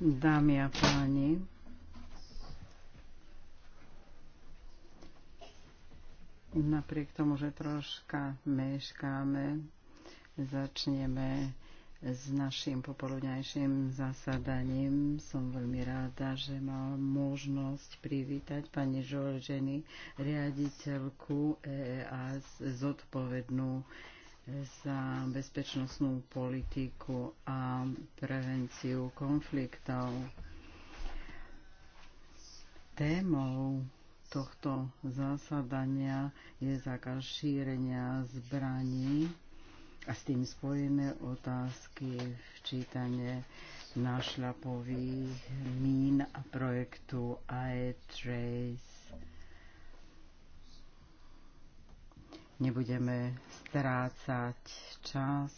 Dámy a páni, napriek tomu, že troška meškáme, začneme s našim popoludňajším zasadaním. Som veľmi ráda, že mám možnosť privítať pani Žolženy, riaditeľku EAS e zodpovednú za bezpečnostnú politiku a prevenciu konfliktov. Témou tohto zásadania je zákaz šírenia zbraní a s tým spojené otázky včítanie našľapových mín a projektu iTrace Nebudeme strácať čas,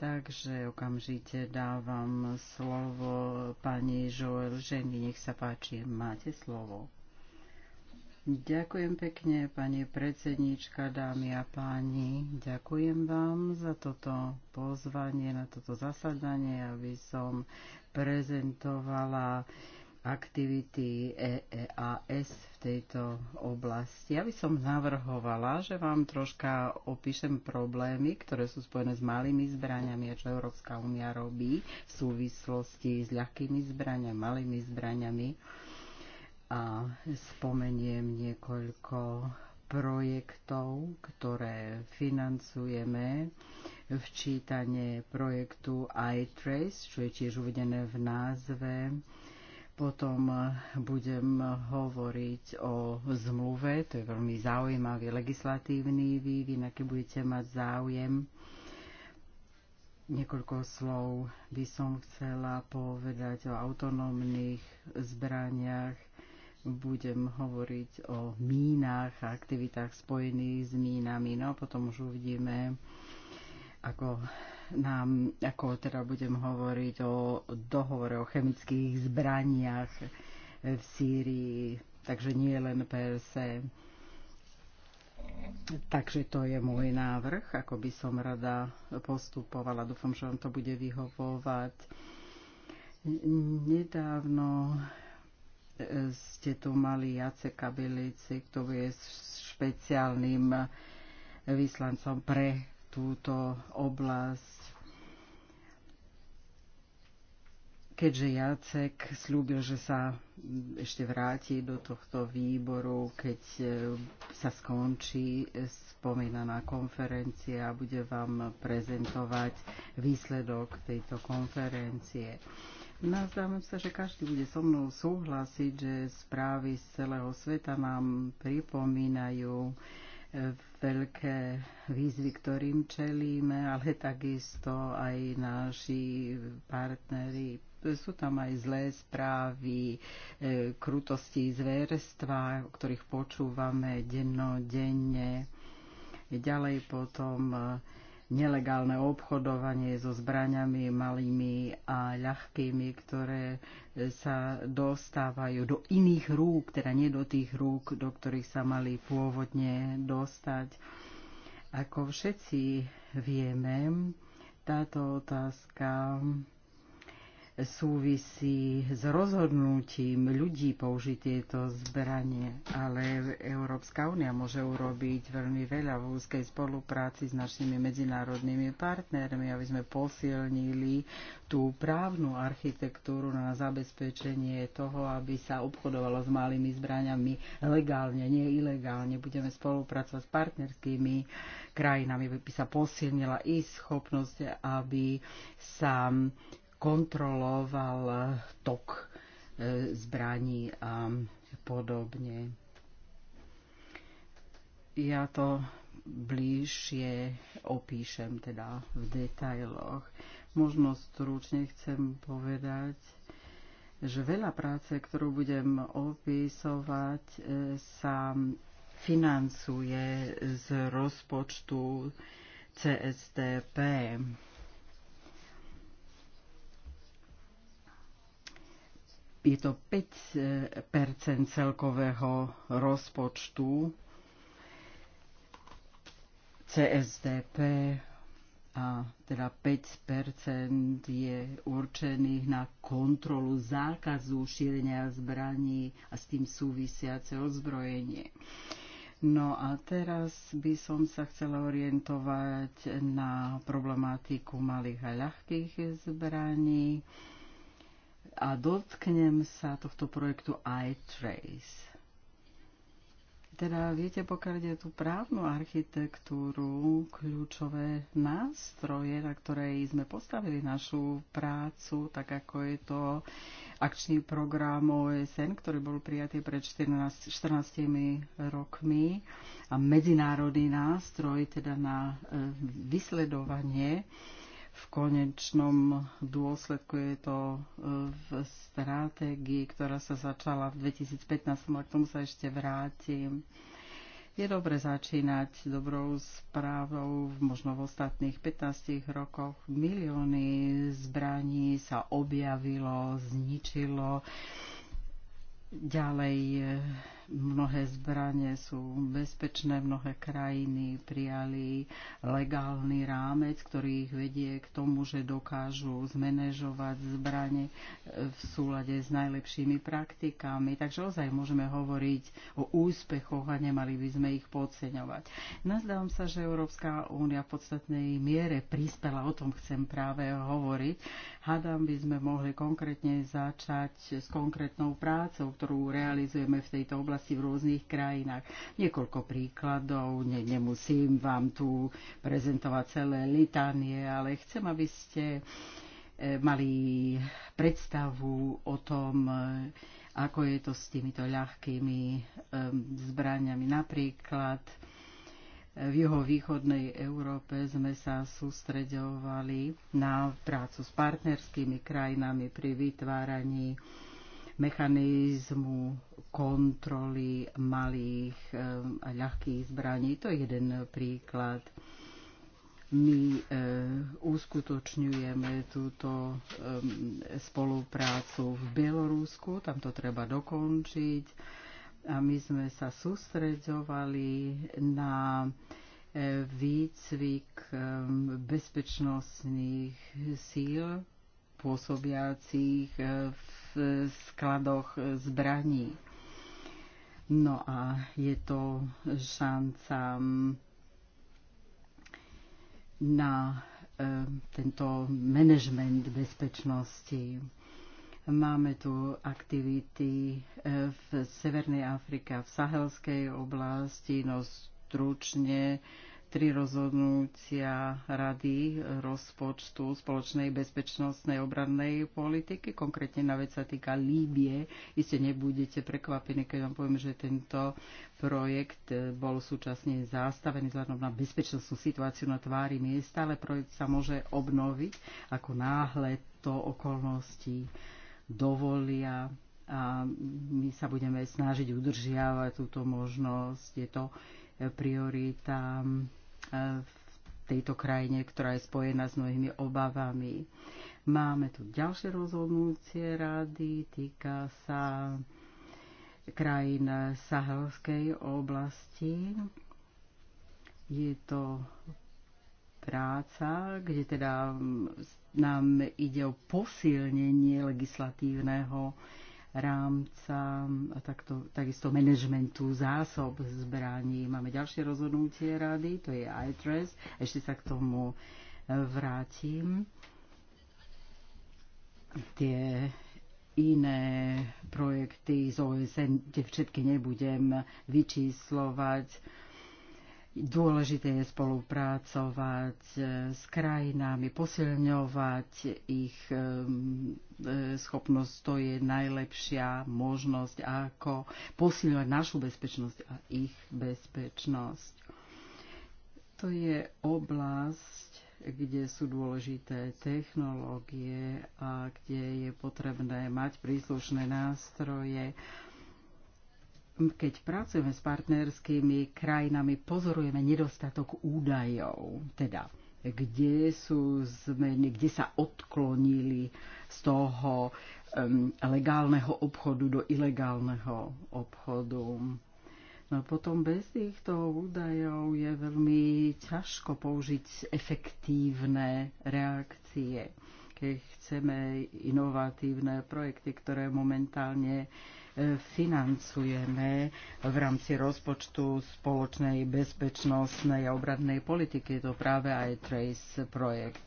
takže okamžite dávam slovo pani Joel Ženy. Nech sa páči, máte slovo. Ďakujem pekne, pani predsedníčka, dámy a páni. Ďakujem vám za toto pozvanie, na toto zasadanie, aby som prezentovala aktivity EEAS v tejto oblasti. Ja by som navrhovala, že vám troška opíšem problémy, ktoré sú spojené s malými zbraniami a čo Európska únia robí v súvislosti s ľahkými zbraniami, malými zbraniami. A spomeniem niekoľko projektov, ktoré financujeme, včítanie projektu iTrace, čo je tiež uvedené v názve, potom eh, budem hovoriť o zmluve, to je veľmi zaujímavý legislatívny vývin, aký budete mať záujem. Niekoľko slov by som chcela povedať o autonómnych zbraniach. Budem hovoriť o mínach a aktivitách spojených s mínami. No a potom už uvidíme, ako nám, ako teda budem hovoriť o dohovore o chemických zbraniach v Sýrii, takže nie len PLC. Takže to je môj návrh, ako by som rada postupovala. Dúfam, že vám to bude vyhovovať. Nedávno ste tu mali Jace Kabilici, ktorý je špeciálnym vyslancom pre túto oblasť keďže Jacek slúbil, že sa ešte vráti do tohto výboru, keď e, sa skončí spomínaná konferencia a bude vám prezentovať výsledok tejto konferencie. Nazdávam no, sa, že každý bude so mnou súhlasiť, že správy z celého sveta nám pripomínajú e, veľké výzvy, ktorým čelíme, ale takisto aj naši partneri sú tam aj zlé správy, e, krutosti, zverstva, o ktorých počúvame dennodenne. Ďalej potom e, nelegálne obchodovanie so zbraniami malými a ľahkými, ktoré e, sa dostávajú do iných rúk, teda nie do tých rúk, do ktorých sa mali pôvodne dostať. Ako všetci vieme, táto otázka súvisí s rozhodnutím ľudí použiť tieto zbranie, ale Európska únia môže urobiť veľmi veľa v úzkej spolupráci s našimi medzinárodnými partnermi, aby sme posilnili tú právnu architektúru na zabezpečenie toho, aby sa obchodovalo s malými zbraniami legálne, nie ilegálne. Budeme spolupracovať s partnerskými krajinami, aby sa posilnila ich schopnosť, aby sa kontroloval tok e, zbraní a podobne. Ja to bližšie opíšem teda v detailoch. Možno stručne chcem povedať, že veľa práce, ktorú budem opisovať, e, sa financuje z rozpočtu CSTP. je to 5 e, celkového rozpočtu CSDP a teda 5 je určených na kontrolu zákazu šírenia zbraní a s tým súvisiace ozbrojenie. No a teraz by som sa chcela orientovať na problematiku malých a ľahkých zbraní a dotknem sa tohto projektu iTrace. Teda viete, pokiaľ ide tú právnu architektúru, kľúčové nástroje, na ktorej sme postavili našu prácu, tak ako je to akčný program OSN, ktorý bol prijatý pred 14, 14 rokmi a medzinárodný nástroj teda na e, vysledovanie v konečnom dôsledku je to e, v stratégii, ktorá sa začala v 2015, ale k tomu sa ešte vrátim. Je dobre začínať dobrou správou. Možno v ostatných 15 rokoch milióny zbraní sa objavilo, zničilo. Ďalej e, mnohé zbranie sú bezpečné, mnohé krajiny prijali legálny rámec, ktorý ich vedie k tomu, že dokážu zmanéžovať zbranie e, v súlade s najlepšími praktikami. Takže ozaj môžeme hovoriť o úspechoch a nemali by sme ich podceňovať. Nazdávam sa, že Európska únia v podstatnej miere prispela, o tom chcem práve hovoriť. Hádam by sme mohli konkrétne začať s konkrétnou prácou, ktorú realizujeme v tejto oblasti oblasti v rôznych krajinách. Niekoľko príkladov, ne, nemusím vám tu prezentovať celé litanie, ale chcem, aby ste e, mali predstavu o tom, e, ako je to s týmito ľahkými e, zbraniami. Napríklad v jeho východnej Európe sme sa sústreďovali na prácu s partnerskými krajinami pri vytváraní mechanizmu kontroly malých eh, a ľahkých zbraní. To je jeden príklad. My eh, uskutočňujeme túto eh, spoluprácu v Bielorúsku, tam to treba dokončiť. A my sme sa sústreďovali na výcvik bezpečnostných síl pôsobiacich v E, skladoch e, zbraní. No a je to šanca na e, tento management bezpečnosti. Máme tu aktivity v Severnej Afrike, v Sahelskej oblasti, no stručne tri rozhodnutia Rady rozpočtu spoločnej bezpečnostnej obrannej politiky. Konkrétne na vec sa týka Líbie. Iste nebudete prekvapení, keď vám poviem, že tento projekt bol súčasne zastavený vzhľadom na bezpečnostnú situáciu na tvári miesta, ale projekt sa môže obnoviť ako náhle to okolnosti dovolia a my sa budeme snažiť udržiavať túto možnosť. Je to priorita E, v tejto krajine, ktorá je spojená s mnohými obavami. Máme tu ďalšie rozhodnutie rady, týka sa krajín sahelskej oblasti. Je to práca, kde teda nám ide o posilnenie legislatívneho rámca takto, takisto manažmentu zásob zbraní. Máme ďalšie rozhodnutie rady, to je ITRES. Ešte sa k tomu e, vrátim. Tie iné projekty z OSN, tie všetky nebudem vyčíslovať Dôležité je spolupracovať eh, s krajinami, posilňovať ich eh, eh, schopnosť. To je najlepšia možnosť, ako posilňovať našu bezpečnosť a ich bezpečnosť. To je oblasť, kde sú dôležité technológie a kde je potrebné mať príslušné nástroje keď pracujeme s partnerskými krajinami, pozorujeme nedostatok údajov, teda kde sú zmeny, kde sa odklonili z toho um, legálneho obchodu do ilegálneho obchodu. No potom bez týchto údajov je veľmi ťažko použiť efektívne reakcie, keď chceme inovatívne projekty, ktoré momentálne uh, financujeme v rámci rozpočtu spoločnej bezpečnostnej a obradnej politiky. Je to práve aj TRACE projekt.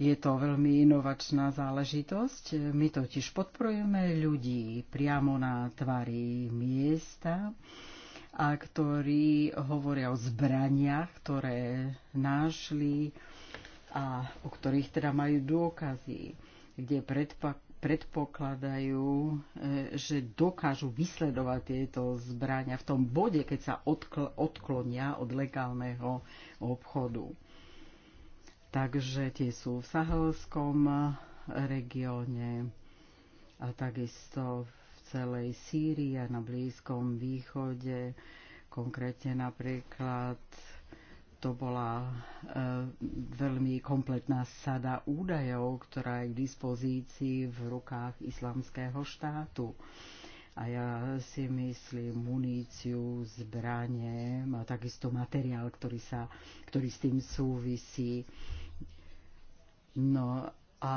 Je to veľmi inovačná záležitosť. My totiž podporujeme ľudí priamo na tvári miesta a ktorí hovoria o zbraniach, ktoré našli a o ktorých teda majú dôkazy, kde pred predpokladajú, e, že dokážu vysledovať tieto zbrania v tom bode, keď sa odkl- odklonia od legálneho obchodu. Takže tie sú v sahelskom regióne a takisto v celej Sýrii a na Blízkom východe, konkrétne napríklad to bola e, veľmi kompletná sada údajov, ktorá je k dispozícii v rukách islamského štátu. A ja si myslím muníciu, zbranie a takisto materiál, ktorý, sa, ktorý s tým súvisí. No a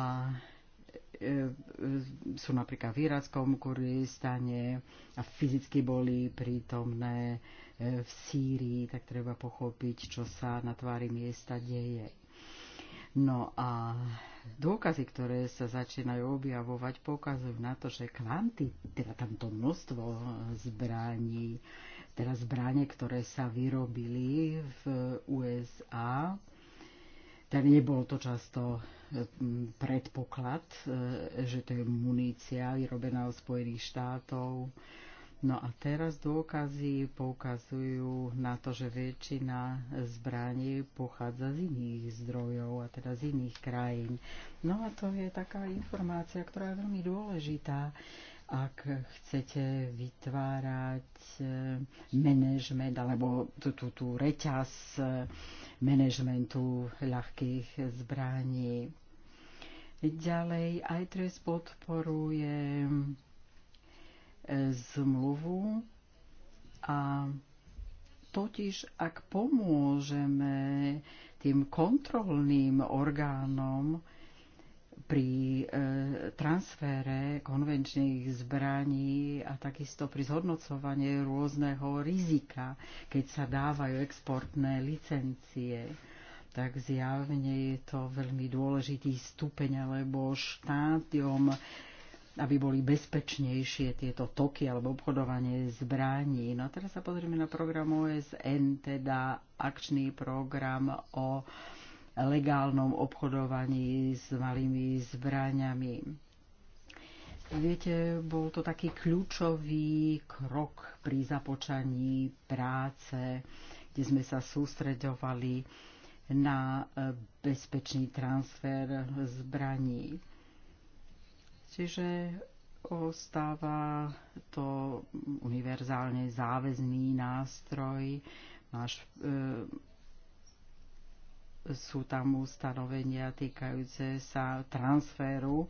e, e, sú napríklad v Irackom Kurdistane a fyzicky boli prítomné E, v Sýrii, tak treba pochopiť, čo sa na tvári miesta deje. No a dôkazy, ktoré sa začínajú objavovať, pokazujú na to, že kvanty, teda tamto množstvo zbraní, teda zbranie, ktoré sa vyrobili v USA, tak nebol to často predpoklad, e, že to je munícia vyrobená od Spojených štátov. No a teraz dôkazy poukazujú na to, že väčšina zbraní pochádza z iných zdrojov a teda z iných krajín. No a to je taká informácia, ktorá je veľmi dôležitá, ak chcete vytvárať eh, manažment alebo tú, tú, tú reťaz eh, manažmentu ľahkých zbraní. Ďalej, aj trest podporuje zmluvu a totiž ak pomôžeme tým kontrolným orgánom pri e, transfere konvenčných zbraní a takisto pri zhodnocovaní rôzneho rizika, keď sa dávajú exportné licencie tak zjavne je to veľmi dôležitý stupeň alebo štádium aby boli bezpečnejšie tieto toky alebo obchodovanie zbraní. No a teraz sa pozrieme na program OSN, teda akčný program o legálnom obchodovaní s malými zbraniami. Viete, bol to taký kľúčový krok pri započaní práce, kde sme sa sústreďovali na bezpečný transfer zbraní Čiže ostáva to univerzálne záväzný nástroj. Máš, e, sú tam ustanovenia týkajúce sa transferu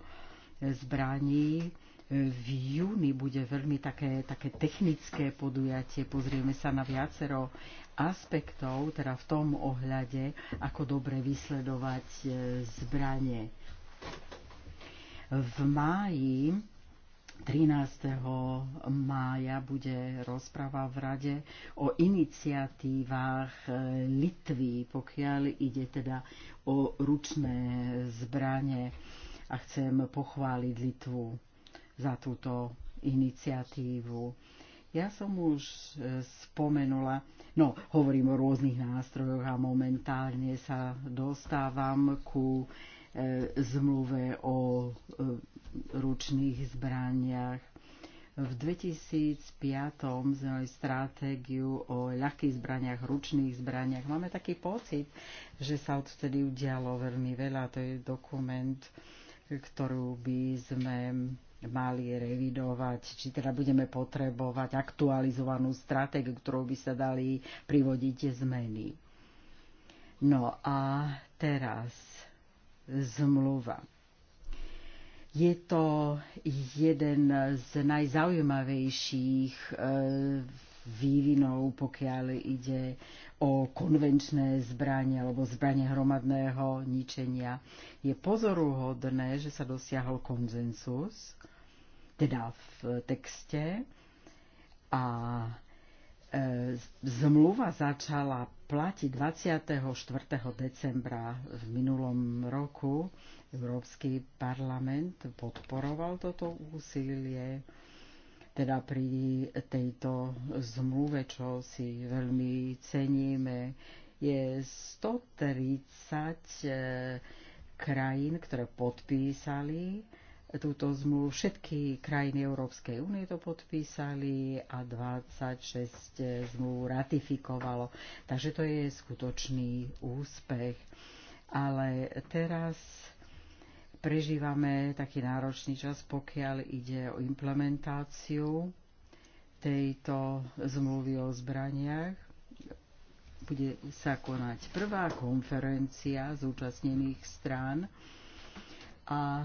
zbraní. V júni bude veľmi také, také technické podujatie. Pozrieme sa na viacero aspektov, teda v tom ohľade, ako dobre vysledovať e, zbranie v máji 13. mája bude rozpráva v Rade o iniciatívach e, Litvy, pokiaľ ide teda o ručné zbranie. A chcem pochváliť Litvu za túto iniciatívu. Ja som už e, spomenula, no hovorím o rôznych nástrojoch a momentálne sa dostávam ku uh, E, zmluve o e, ručných zbraniach. V 2005 sme mali stratégiu o ľahkých zbraniach, ručných zbraniach. Máme taký pocit, že sa odtedy udialo veľmi veľa. To je dokument, ktorú by sme mali revidovať, či teda budeme potrebovať aktualizovanú stratégiu, ktorou by sa dali privodiť zmeny. No a teraz zmluva. Je to jeden z najzaujímavejších e, vývinov, pokiaľ ide o konvenčné zbranie alebo zbranie hromadného ničenia. Je pozoruhodné, že sa dosiahol konzensus, teda v texte, a e, zmluva začala platí 24. decembra v minulom roku. Európsky parlament podporoval toto úsilie, teda pri tejto zmluve, čo si veľmi ceníme, je 130 eh, krajín, ktoré podpísali túto zmluvu. Všetky krajiny Európskej únie to podpísali a 26 zmluv ratifikovalo. Takže to je skutočný úspech. Ale teraz prežívame taký náročný čas, pokiaľ ide o implementáciu tejto zmluvy o zbraniach. Bude sa konať prvá konferencia zúčastnených strán a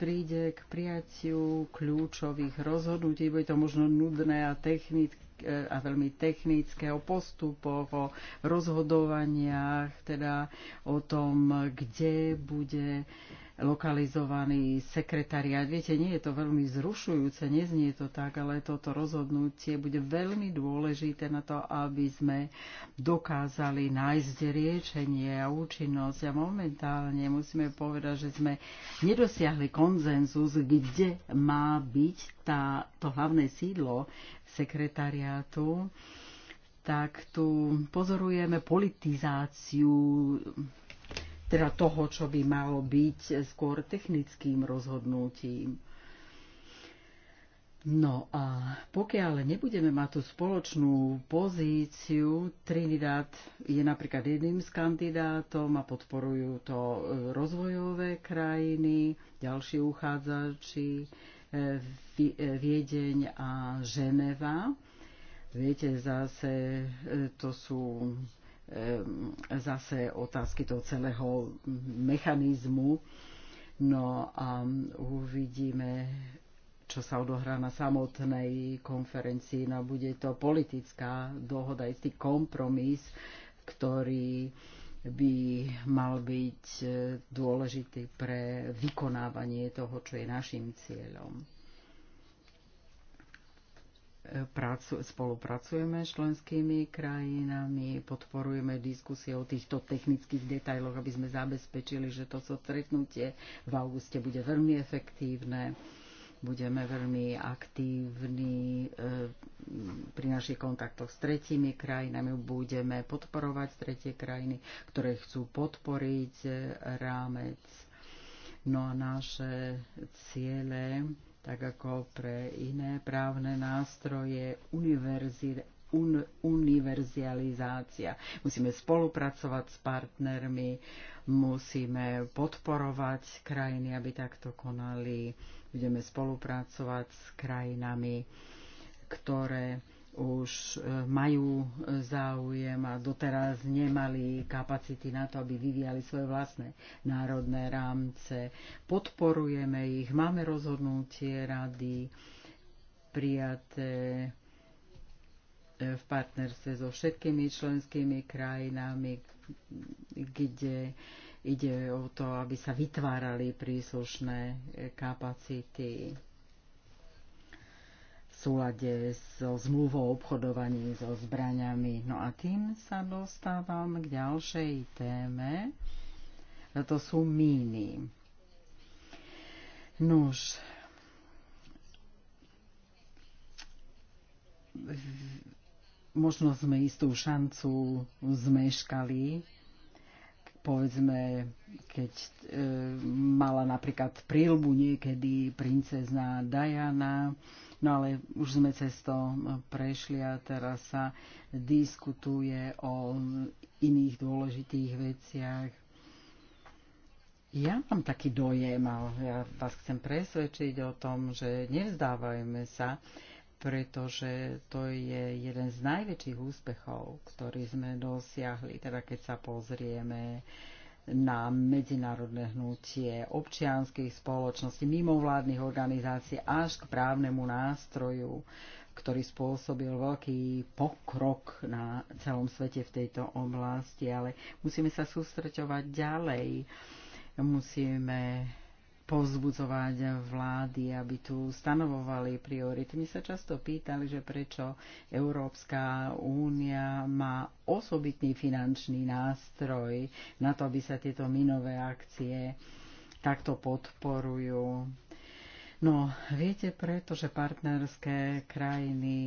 príde k prijatiu kľúčových rozhodnutí. Bude to možno nudné a, technické, a veľmi technické o postupoch, o rozhodovaniach, teda o tom, kde bude lokalizovaný sekretariát. Viete, nie je to veľmi zrušujúce, neznie to tak, ale toto rozhodnutie bude veľmi dôležité na to, aby sme dokázali nájsť riečenie a účinnosť. A momentálne musíme povedať, že sme nedosiahli konzenzus, kde má byť tá, to hlavné sídlo sekretariátu tak tu pozorujeme politizáciu teda toho, čo by malo byť skôr technickým rozhodnutím. No a pokiaľ nebudeme mať tú spoločnú pozíciu, Trinidad je napríklad jedným z kandidátom a podporujú to e, rozvojové krajiny, ďalší uchádzači, e, e, Viedeň a Ženeva. Viete, zase to sú Ehm, zase otázky toho celého mechanizmu. No a uvidíme, čo sa odohrá na samotnej konferencii. No bude to politická dohoda, istý kompromis, ktorý by mal byť eh, dôležitý pre vykonávanie toho, čo je našim cieľom. Prácu, spolupracujeme s členskými krajinami, podporujeme diskusie o týchto technických detailoch, aby sme zabezpečili, že to stretnutie v auguste bude veľmi efektívne budeme veľmi aktívni e, pri našich kontaktoch s tretími krajinami, budeme podporovať tretie krajiny, ktoré chcú podporiť e, rámec. No a naše ciele tak ako pre iné právne nástroje, univerzit, un, univerzializácia. Musíme spolupracovať s partnermi, musíme podporovať krajiny, aby takto konali, budeme spolupracovať s krajinami, ktoré už e, majú e, záujem a doteraz nemali kapacity na to, aby vyvíjali svoje vlastné národné rámce. Podporujeme ich, máme rozhodnutie rady prijaté e, v partnerstve so všetkými členskými krajinami, kde ide o to, aby sa vytvárali príslušné kapacity súlade so zmluvou o obchodovaní so zbraniami. No a tým sa dostávam k ďalšej téme. A to sú míny. Nuž, možno sme istú šancu zmeškali, povedzme, keď e, mala napríklad prílbu niekedy princezná Diana, e, No ale už sme cez to prešli a teraz sa diskutuje o iných dôležitých veciach. Ja mám taký dojem a ja vás chcem presvedčiť o tom, že nevzdávajme sa, pretože to je jeden z najväčších úspechov, ktorý sme dosiahli. Teda keď sa pozrieme uh, na medzinárodné hnutie občianských spoločností, mimovládnych organizácií až k právnemu nástroju, ktorý spôsobil veľký pokrok na celom svete v tejto oblasti, ale musíme sa sústreťovať ďalej. Musíme pozbudzovať vlády, aby tu stanovovali priority. My sa často pýtali, že prečo Európska únia má osobitný finančný nástroj na to, aby sa tieto minové akcie takto podporujú. No, viete, pretože partnerské krajiny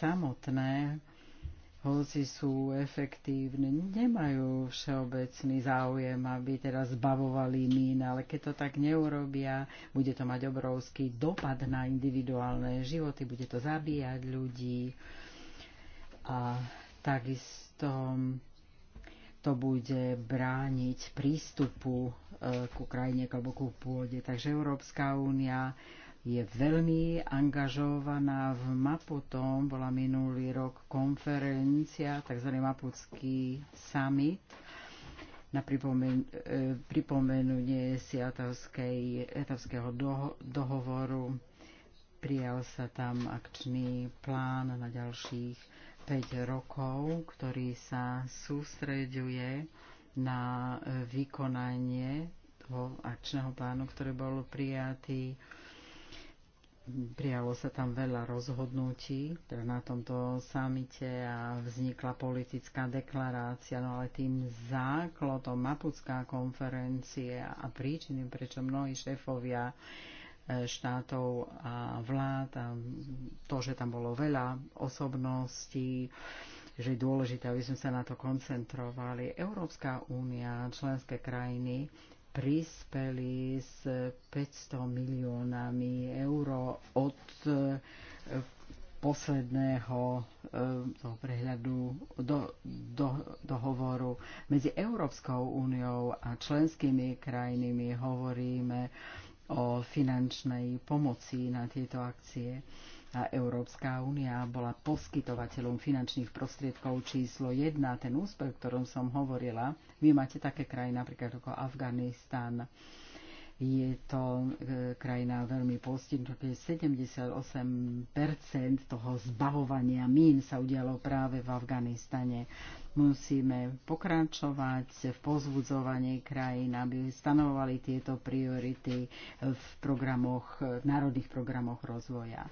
samotné hoci sú efektívne, nemajú všeobecný záujem, aby teraz zbavovali mín, ale keď to tak neurobia, bude to mať obrovský dopad na individuálne životy, bude to zabíjať ľudí a takisto to bude brániť prístupu eh, ku krajine alebo ku pôde. Takže Európska únia je veľmi angažovaná v Maputom. Bola minulý rok konferencia, tzv. Maputský summit na pripomen- e, pripomenutie si etavského doho- dohovoru. Prijal sa tam akčný plán na ďalších 5 rokov, ktorý sa sústreďuje na vykonanie toho akčného plánu, ktorý bol prijatý Prijalo sa tam veľa rozhodnutí teda na tomto samite a vznikla politická deklarácia, no ale tým základom Mapucká konferencie a príčiny, prečo mnohí šéfovia e, štátov a vlád a to, že tam bolo veľa osobností, že je dôležité, aby sme sa na to koncentrovali. Európska únia, členské krajiny prispeli s 500 miliónami eur od eh, posledného eh, toho prehľadu do, do, dohovoru medzi Európskou úniou a členskými krajinami hovoríme o finančnej pomoci na tieto akcie a Európska únia bola poskytovateľom finančných prostriedkov číslo 1. Ten úspech, o ktorom som hovorila, vy máte také krajiny napríklad ako Afganistan, je to e, krajina veľmi postihnutá, 78% toho zbavovania mín sa udialo práve v Afganistane. Musíme pokračovať v pozbudzovaní krajín, aby stanovali tieto priority v programoch, v národných programoch rozvoja.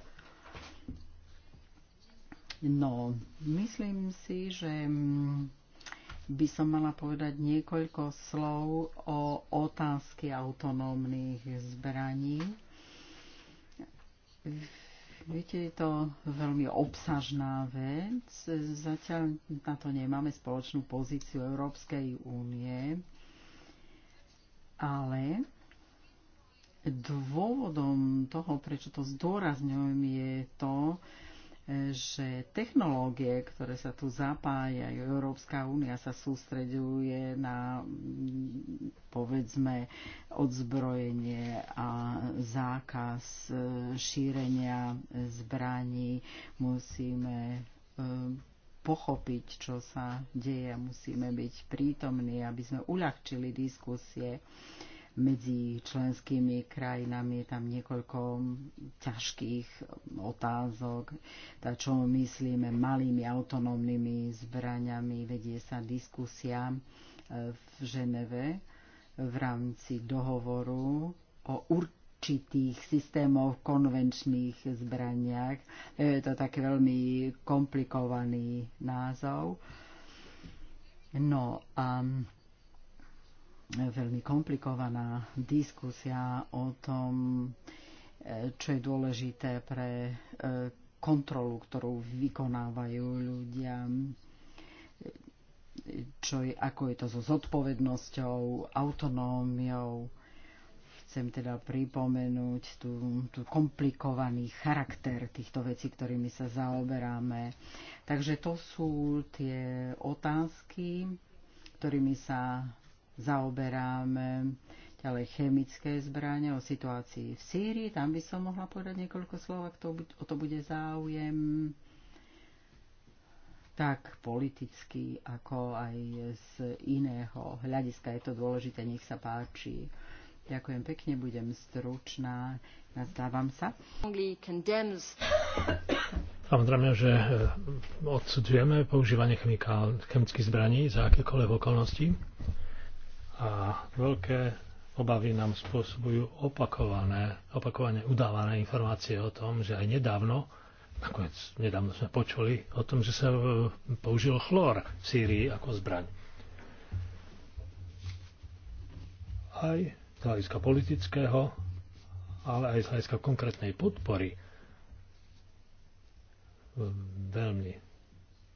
No, myslím si, že mm, by som mala povedať niekoľko slov o otázke autonómnych zbraní. Viete, je to veľmi obsažná vec. Zatiaľ na to nemáme spoločnú pozíciu Európskej únie, ale dôvodom toho, prečo to zdôrazňujem, je to, že technológie, ktoré sa tu zapájajú, Európska únia sa sústreďuje na povedzme odzbrojenie a zákaz e, šírenia zbraní. Musíme e, pochopiť, čo sa deje, musíme byť prítomní, aby sme uľahčili diskusie medzi členskými krajinami. Je tam niekoľko ťažkých otázok, tá čo myslíme malými autonómnymi zbraniami. Vedie sa diskusia e, v Ženeve v rámci dohovoru o určitých systémoch konvenčných zbraniach. E, je to taký veľmi komplikovaný názov. No a um, veľmi komplikovaná diskusia o tom, e, čo je dôležité pre e, kontrolu, ktorú vykonávajú ľudia, e, čo je, ako je to so zodpovednosťou, autonómiou. Chcem teda pripomenúť tú, tú komplikovaný charakter týchto vecí, ktorými sa zaoberáme. Takže to sú tie otázky, ktorými sa zaoberáme. Ďalej chemické zbranie, o situácii v Sýrii, tam by som mohla povedať niekoľko slov, ak to, o to bude záujem tak politicky, ako aj z iného hľadiska. Je to dôležité, nech sa páči. Ďakujem pekne, budem stručná. Nazdávam sa. Samozrejme, že e, odsudzujeme používanie chemických zbraní za akékoľvek okolnosti a veľké obavy nám spôsobujú opakované, opakovane udávané informácie o tom, že aj nedávno, nakoniec nedávno sme počuli o tom, že sa e, použil chlór v Sýrii ako zbraň. Aj z hľadiska politického, ale aj z hľadiska konkrétnej podpory e, veľmi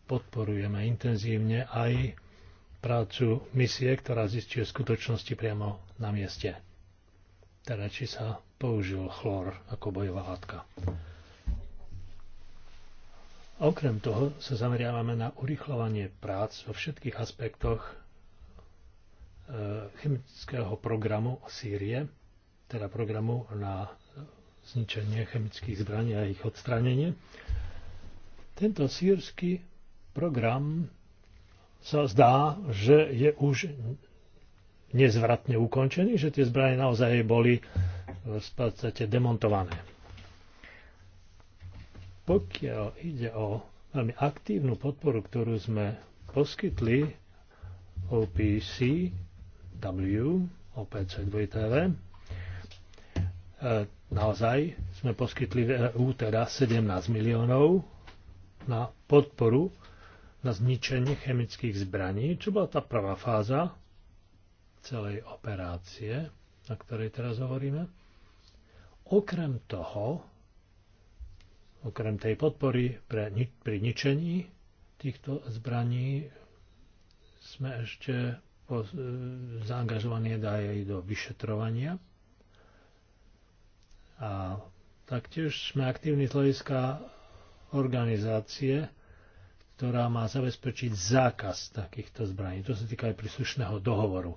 podporujeme intenzívne aj prácu misie, ktorá zistuje skutočnosti priamo na mieste. Teda či sa použil chlor ako bojová látka. Okrem toho sa zameriavame na urychľovanie prác vo všetkých aspektoch e, chemického programu Sýrie, teda programu na zničenie chemických zbraní a ich odstránenie. Tento sírsky program sa zdá, že je už nezvratne ukončený, že tie zbranie naozaj boli v podstate demontované. Pokiaľ ide o veľmi aktívnu podporu, ktorú sme poskytli OPC, OPC 2TV, eh, naozaj sme poskytli v EU teda 17 miliónov na podporu na zničenie chemických zbraní, čo bola tá prvá fáza celej operácie, na ktorej teraz hovoríme. Okrem toho, okrem tej podpory pre, pri ničení týchto zbraní, sme ešte po, e, zaangažovaní aj do vyšetrovania. A taktiež sme aktívni z hľadiska organizácie ktorá má zabezpečiť zákaz takýchto zbraní. To sa týka aj príslušného dohovoru.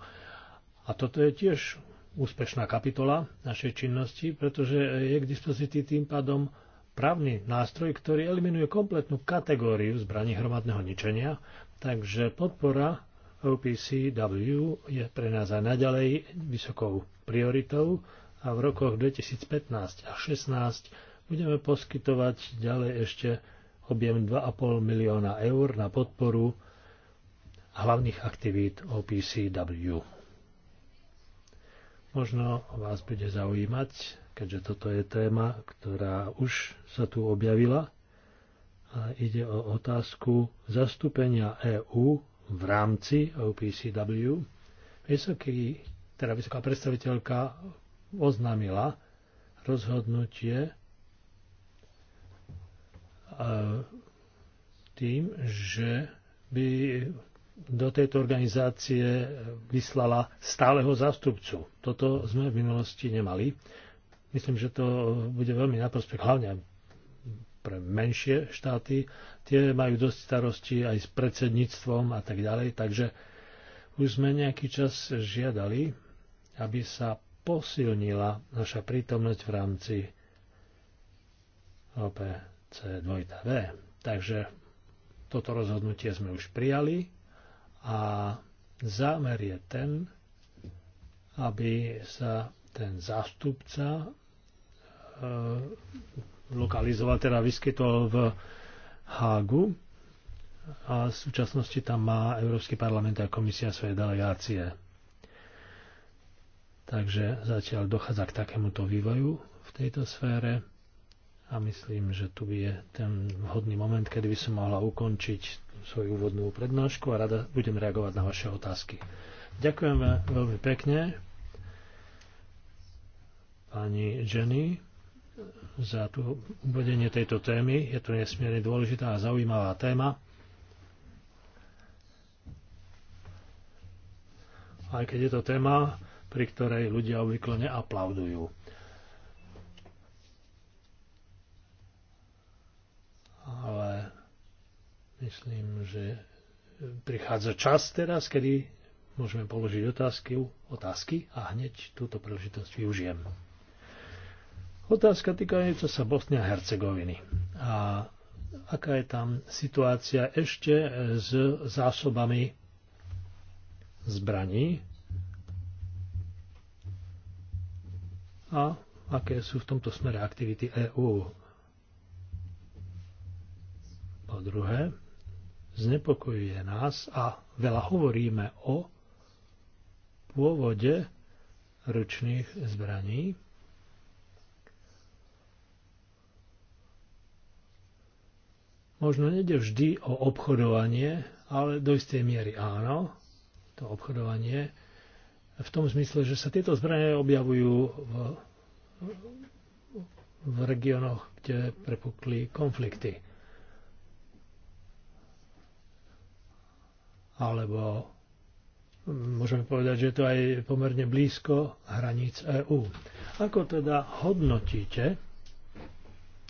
A toto je tiež úspešná kapitola našej činnosti, pretože je k dispozícii tým pádom právny nástroj, ktorý eliminuje kompletnú kategóriu zbraní hromadného ničenia, takže podpora OPCW je pre nás aj naďalej vysokou prioritou a v rokoch 2015 a 2016 budeme poskytovať ďalej ešte objem 2,5 milióna eur na podporu hlavných aktivít OPCW. Možno vás bude zaujímať, keďže toto je téma, ktorá už sa tu objavila. A ide o otázku zastúpenia EÚ v rámci OPCW. Vysoký, teda vysoká predstaviteľka oznámila rozhodnutie tým, že by do tejto organizácie vyslala stáleho zástupcu. Toto sme v minulosti nemali. Myslím, že to bude veľmi na prospech hlavne pre menšie štáty. Tie majú dosť starosti aj s predsedníctvom a tak ďalej, takže už sme nejaký čas žiadali, aby sa posilnila naša prítomnosť v rámci OPE. C2V. Takže toto rozhodnutie sme už prijali a zámer je ten, aby sa ten zástupca e, lokalizoval, teda vyskytol v Hágu a v súčasnosti tam má Európsky parlament a komisia svoje delegácie. Takže zatiaľ dochádza k takémuto vývoju v tejto sfére. A myslím, že tu je ten vhodný moment, kedy by som mohla ukončiť svoju úvodnú prednášku a rada budem reagovať na vaše otázky. Ďakujem veľmi pekne pani Jenny za tú uvedenie tejto témy. Je to nesmierne dôležitá a zaujímavá téma. Aj keď je to téma, pri ktorej ľudia obvykle neaplaudujú. Myslím, že e, prichádza čas teraz, kedy môžeme položiť otázky, otázky a hneď túto príležitosť využijem. Otázka týkajúca sa Bosny a Hercegoviny. A aká je tam situácia ešte e, s zásobami zbraní a aké sú v tomto smere aktivity EÚ. Po druhé, znepokojuje nás a veľa hovoríme o pôvode ručných zbraní. Možno nede vždy o obchodovanie, ale do istej miery áno, to obchodovanie, v tom zmysle, že sa tieto zbranie objavujú v, v regiónoch, kde prepukli konflikty. alebo môžeme povedať, že je to aj pomerne blízko hraníc EÚ. Ako teda hodnotíte,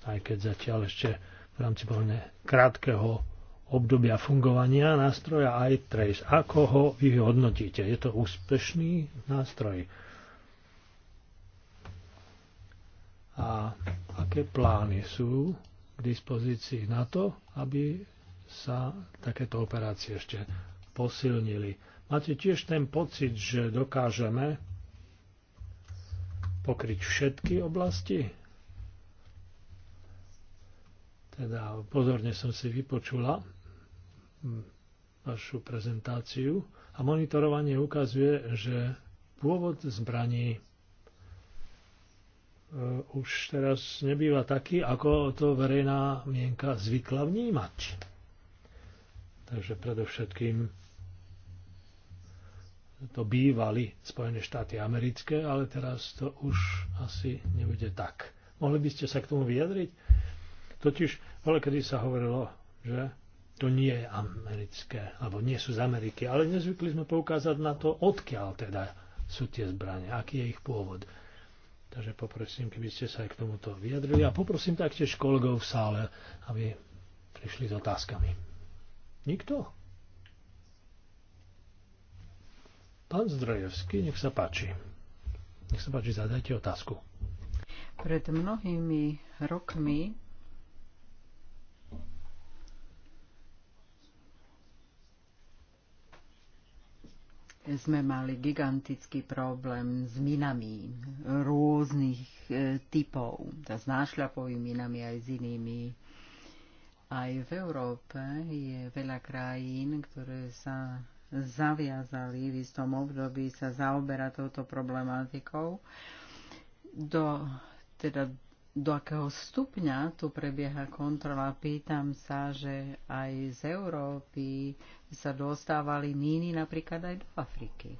aj keď zatiaľ ešte v rámci pomerne krátkeho obdobia fungovania nástroja iTrace, ako ho vy hodnotíte? Je to úspešný nástroj? a aké plány sú k dispozícii na to, aby sa takéto operácie ešte posilnili. Máte tiež ten pocit, že dokážeme pokryť všetky oblasti? Teda pozorne som si vypočula vašu prezentáciu a monitorovanie ukazuje, že pôvod zbraní e, už teraz nebýva taký, ako to verejná mienka zvykla vnímať. Takže predovšetkým to bývali Spojené štáty americké, ale teraz to už asi nebude tak. Mohli by ste sa k tomu vyjadriť? Totiž veľkedy sa hovorilo, že to nie je americké, alebo nie sú z Ameriky, ale nezvykli sme poukázať na to, odkiaľ teda sú tie zbranie, aký je ich pôvod. Takže poprosím, keby ste sa aj k tomuto vyjadrili a poprosím taktiež kolegov v sále, aby prišli s otázkami. Nikto? Pán Zdrojevský, nech sa páči. Nech sa páči, zadajte otázku. Pred mnohými rokmi sme mali gigantický problém s minami rôznych e, typov, teda s nášľapovými minami aj s inými. Aj v Európe je veľa krajín, ktoré sa zaviazali v istom období sa zaoberať touto problematikou. Do, teda do akého stupňa tu prebieha kontrola. Pýtam sa, že aj z Európy sa dostávali míny napríklad aj do Afriky.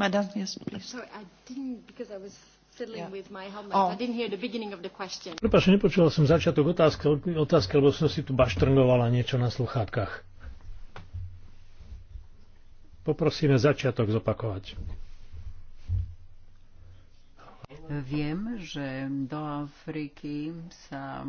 Madame, yes, please. Sorry, I didn't, because I was fiddling yeah. with my oh. I didn't hear the beginning of the question. No, Prepač, nepočula som začiatok otázky, otázky, lebo som si tu baštrngovala niečo na sluchátkach. Poprosíme začiatok zopakovať. Viem, že do Afriky sa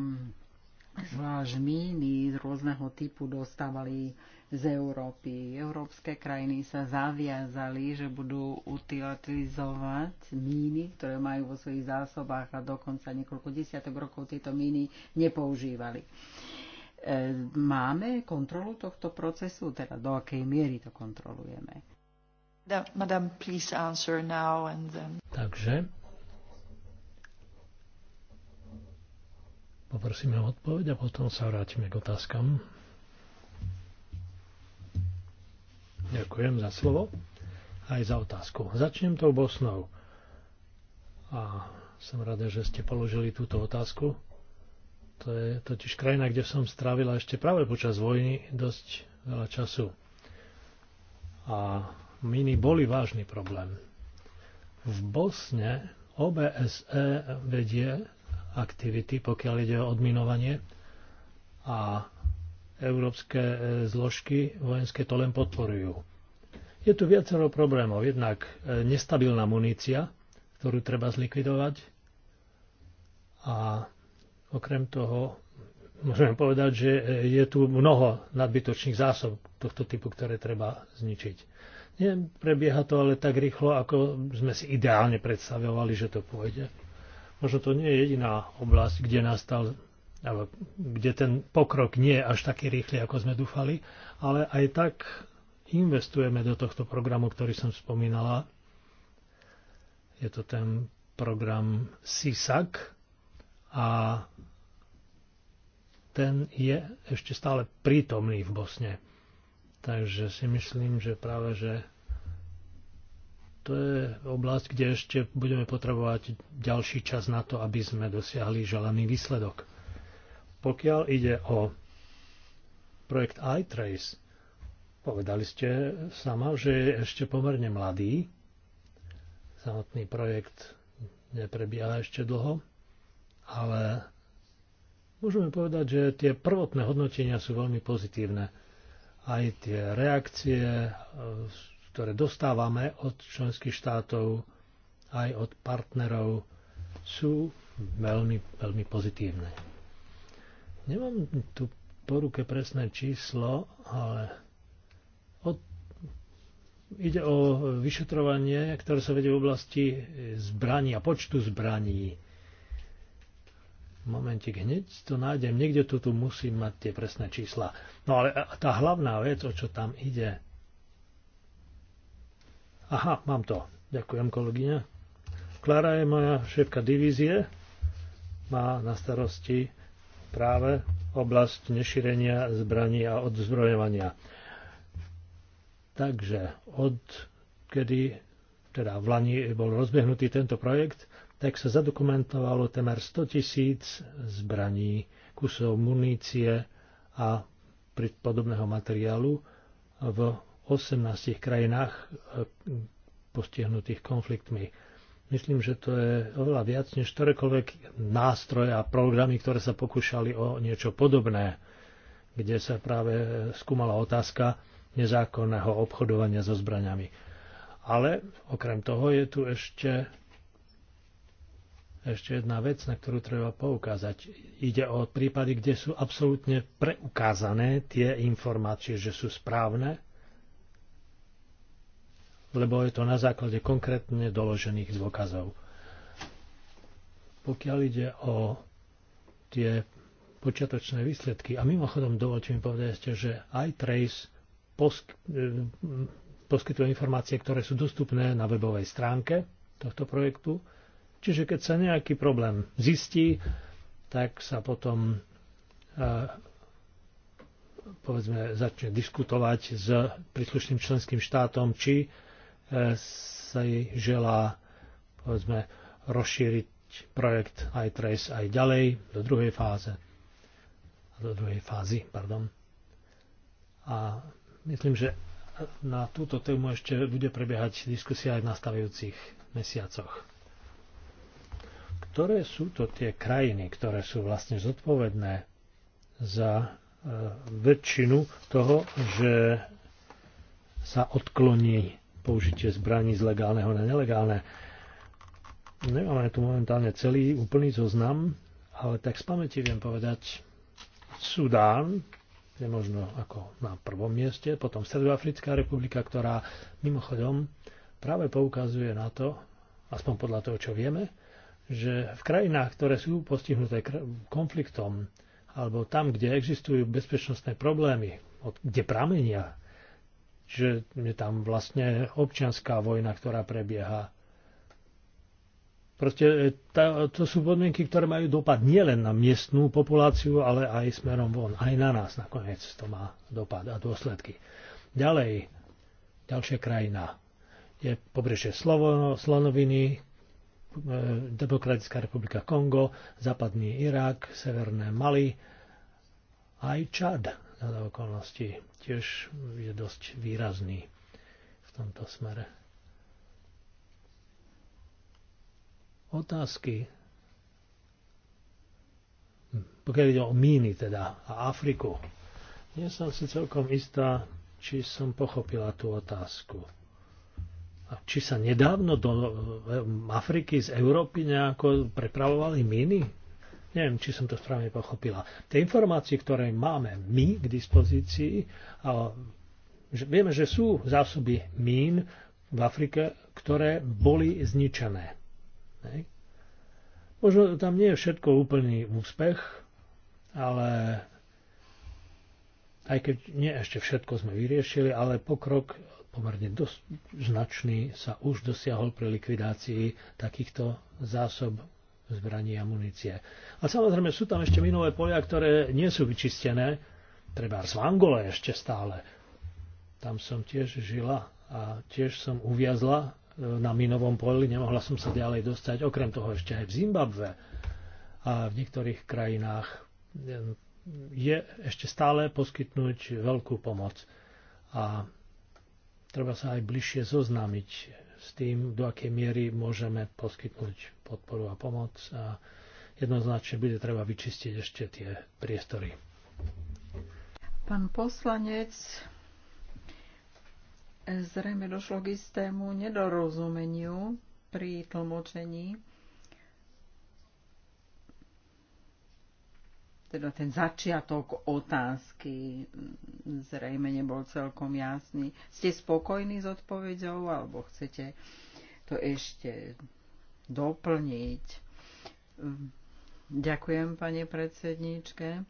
míny z rôzneho typu dostávali z Európy. Európske krajiny sa zaviazali, že budú utilizovať míny, ktoré majú vo svojich zásobách a dokonca niekoľko desiatok rokov tieto míny nepoužívali. E, máme kontrolu tohto procesu, teda do akej miery to kontrolujeme? Madame, please answer now and then. Takže Poprosíme o odpoveď a potom sa vrátime k otázkam. Ďakujem za slovo aj za otázku. Začnem tou Bosnou. A som rada, že ste položili túto otázku. To je totiž krajina, kde som strávila ešte práve počas vojny dosť veľa času. A miny boli vážny problém. V Bosne OBSE vedie aktivity, pokiaľ ide o odminovanie. A európske e, zložky vojenské to len podporujú. Je tu viacero problémov. Jednak e, nestabilná munícia, ktorú treba zlikvidovať. A okrem toho môžeme povedať, že e, je tu mnoho nadbytočných zásob tohto typu, ktoré treba zničiť. Neprebieha to ale tak rýchlo, ako sme si ideálne predstavovali, že to pôjde. Možno to nie je jediná oblasť, kde nastal alebo kde ten pokrok nie je až taký rýchly, ako sme dúfali, ale aj tak investujeme do tohto programu, ktorý som spomínala. Je to ten program SISAC a ten je ešte stále prítomný v Bosne. Takže si myslím, že práve že to je oblasť, kde ešte budeme potrebovať ďalší čas na to, aby sme dosiahli želaný výsledok. Pokiaľ ide o projekt iTrace, povedali ste sama, že je ešte pomerne mladý. Samotný projekt neprebieha ešte dlho, ale môžeme povedať, že tie prvotné hodnotenia sú veľmi pozitívne. Aj tie reakcie ktoré dostávame od členských štátov aj od partnerov, sú veľmi, veľmi pozitívne. Nemám tu po ruke presné číslo, ale od... ide o vyšetrovanie, ktoré sa vedie v oblasti zbraní a počtu zbraní. Momentik, hneď to nájdem. Niekde tu, tu musím mať tie presné čísla. No ale tá hlavná vec, o čo tam ide, Aha, mám to. Ďakujem, kolegyňa. Klára je moja šéfka divízie. Má na starosti práve oblasť nešírenia zbraní a odzbrojovania. Takže od kedy teda v Lani bol rozbehnutý tento projekt, tak sa zadokumentovalo temer 100 tisíc zbraní, kusov munície a podobného materiálu v 18 krajinách eh, postihnutých konfliktmi. Myslím, že to je oveľa viac než ktorékoľvek nástroje a programy, ktoré sa pokúšali o niečo podobné, kde sa práve skúmala otázka nezákonného obchodovania so zbraňami. Ale okrem toho je tu ešte ešte jedna vec, na ktorú treba poukázať. Ide o prípady, kde sú absolútne preukázané tie informácie, že sú správne lebo je to na základe konkrétne doložených dôkazov. Pokiaľ ide o tie počiatočné výsledky, a mimochodom dovolte mi povedať, že Trace posk- eh, poskytuje informácie, ktoré sú dostupné na webovej stránke tohto projektu, čiže keď sa nejaký problém zistí, tak sa potom eh, povedzme, začne diskutovať s príslušným členským štátom, či E, sa jej želá povedzme, rozšíriť projekt iTrace aj ďalej do druhej fáze. Do druhej fázy, pardon. A myslím, že na túto tému ešte bude prebiehať diskusia aj v nastavujúcich mesiacoch. Ktoré sú to tie krajiny, ktoré sú vlastne zodpovedné za e, väčšinu toho, že sa odkloní použitie zbraní z legálneho na nelegálne. Nemáme tu momentálne celý úplný zoznam, ale tak z pamäti viem povedať Sudán, je možno ako na prvom mieste, potom Stredoafrická republika, ktorá mimochodom práve poukazuje na to, aspoň podľa toho, čo vieme, že v krajinách, ktoré sú postihnuté konfliktom, alebo tam, kde existujú bezpečnostné problémy, kde pramenia že je tam vlastne občianská vojna, ktorá prebieha. Proste e, tá, to sú podmienky, ktoré majú dopad nielen na miestnú populáciu, ale aj smerom von. Aj na nás nakoniec to má dopad a dôsledky. Ďalej, ďalšia krajina je pobrežie Slonoviny, e, Demokratická republika Kongo, západný Irak, severné Mali, aj Čad zhoda okolností tiež je dosť výrazný v tomto smere. Otázky, pokiaľ ide o míny teda a Afriku, nie som si celkom istá, či som pochopila tú otázku. A či sa nedávno do Afriky z Európy nejako prepravovali míny. Neviem, či som to správne pochopila. Tie informácie, ktoré máme my k dispozícii, že vieme, že sú zásoby mín v Afrike, ktoré boli zničené. Možno tam nie je všetko úplný úspech, ale aj keď nie ešte všetko sme vyriešili, ale pokrok pomerne dosť značný sa už dosiahol pri likvidácii takýchto zásob zbraní a munície. A samozrejme sú tam ešte minové polia, ktoré nie sú vyčistené, treba z Angole ešte stále. Tam som tiež žila a tiež som uviazla e, na minovom poli, nemohla som sa ďalej dostať, okrem toho ešte aj v Zimbabve a v niektorých krajinách e, je ešte stále poskytnúť veľkú pomoc. A treba sa aj bližšie zoznámiť s tým, do akej miery môžeme poskytnúť podporu a pomoc a jednoznačne bude treba vyčistiť ešte tie priestory. Pán poslanec, zrejme došlo k istému nedorozumeniu pri tlmočení. teda ten začiatok otázky zrejme nebol celkom jasný. Ste spokojní s odpoveďou alebo chcete to ešte doplniť? Ďakujem, pani predsedničke.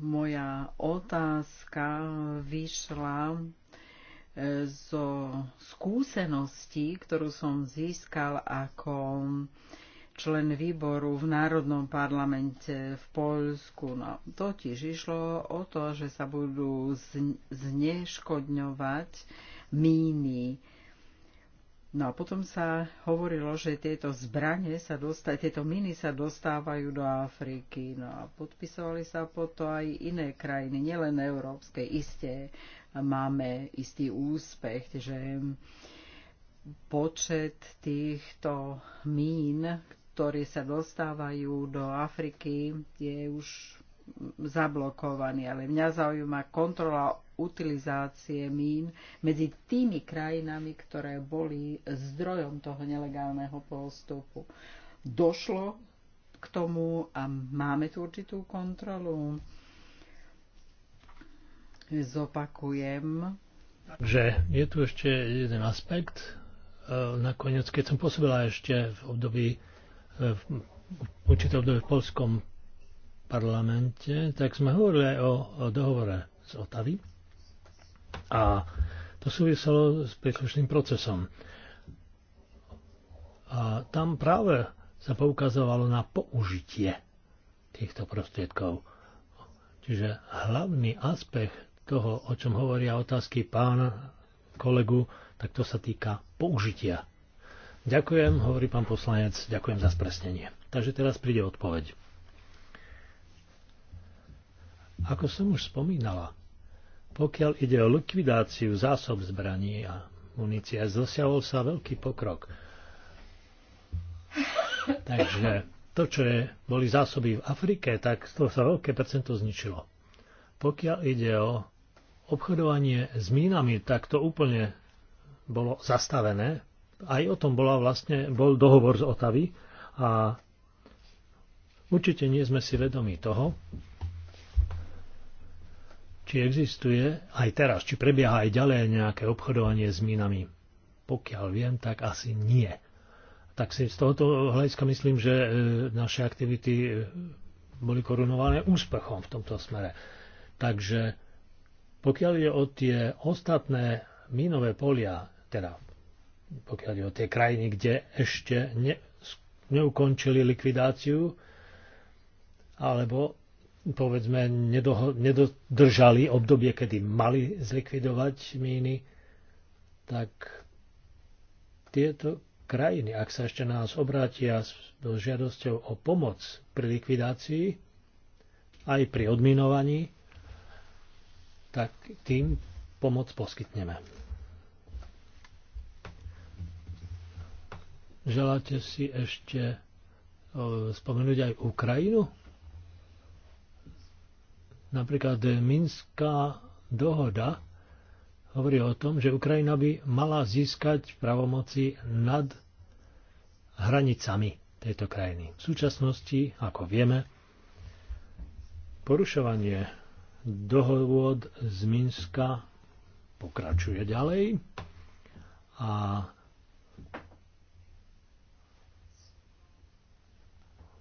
Moja otázka vyšla eh, zo skúseností, ktorú som získal ako člen výboru v Národnom parlamente v Poľsku. No, totiž išlo o to, že sa budú zneškodňovať míny. No a potom sa hovorilo, že tieto zbranie sa dostávajú, tieto miny sa dostávajú do Afriky. No a podpisovali sa po to aj iné krajiny, nielen európske. Isté máme istý úspech, že počet týchto mín, ktorí sa dostávajú do Afriky, je už zablokovaný. Ale mňa zaujíma kontrola utilizácie mín medzi tými krajinami, ktoré boli zdrojom toho nelegálneho postupu. Došlo k tomu a máme tu určitú kontrolu. Zopakujem. Takže je tu ešte jeden aspekt. E, nakoniec, keď som pôsobila ešte v období v určitom v polskom parlamente, tak sme hovorili aj o, o dohovore z Otavy a to súviselo s príslušným procesom. A tam práve sa poukazovalo na použitie týchto prostriedkov. Čiže hlavný aspekt toho, o čom hovoria otázky pána kolegu, tak to sa týka použitia Ďakujem, hovorí pán poslanec, ďakujem za spresnenie. Takže teraz príde odpoveď. Ako som už spomínala, pokiaľ ide o likvidáciu zásob zbraní a munície, zosiavol sa veľký pokrok. Takže to, čo je, boli zásoby v Afrike, tak to sa veľké percento zničilo. Pokiaľ ide o obchodovanie s mínami, tak to úplne bolo zastavené aj o tom bola vlastne, bol dohovor z Otavy a určite nie sme si vedomi toho, či existuje aj teraz, či prebieha aj ďalej nejaké obchodovanie s mínami. Pokiaľ viem, tak asi nie. Tak si z tohoto hľadiska myslím, že e, naše aktivity e, boli korunované úspechom v tomto smere. Takže pokiaľ je o tie ostatné mínové polia, teda pokiaľ je o tie krajiny, kde ešte ne, neukončili likvidáciu, alebo povedzme nedoho, nedodržali obdobie, kedy mali zlikvidovať míny, tak tieto krajiny, ak sa ešte nás obrátia s žiadosťou o pomoc pri likvidácii, aj pri odminovaní, tak tým pomoc poskytneme. Želáte si ešte spomenúť aj Ukrajinu? Napríklad Minská dohoda hovorí o tom, že Ukrajina by mala získať pravomoci nad hranicami tejto krajiny. V súčasnosti, ako vieme, porušovanie dohovod z Minska pokračuje ďalej a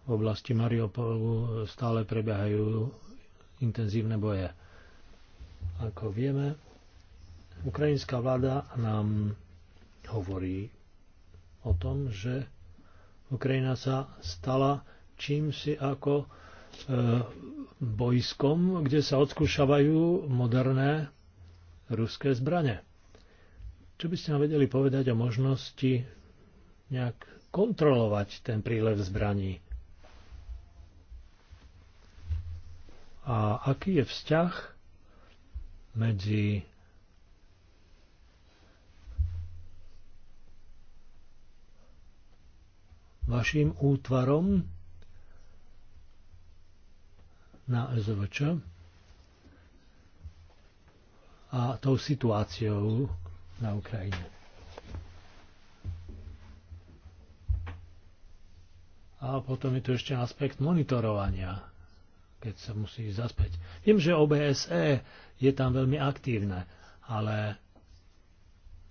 v oblasti Mariupolu stále prebiehajú intenzívne boje. Ako vieme, ukrajinská vláda nám hovorí o tom, že Ukrajina sa stala čím si ako e, bojskom, kde sa odskúšavajú moderné ruské zbranie. Čo by ste nám vedeli povedať o možnosti nejak kontrolovať ten prílev zbraní a aký je vzťah medzi vašim útvarom na SVČ a tou situáciou na Ukrajine. A potom je tu ešte aspekt monitorovania keď sa musí ísť zaspäť. Viem, že OBSE je tam veľmi aktívne, ale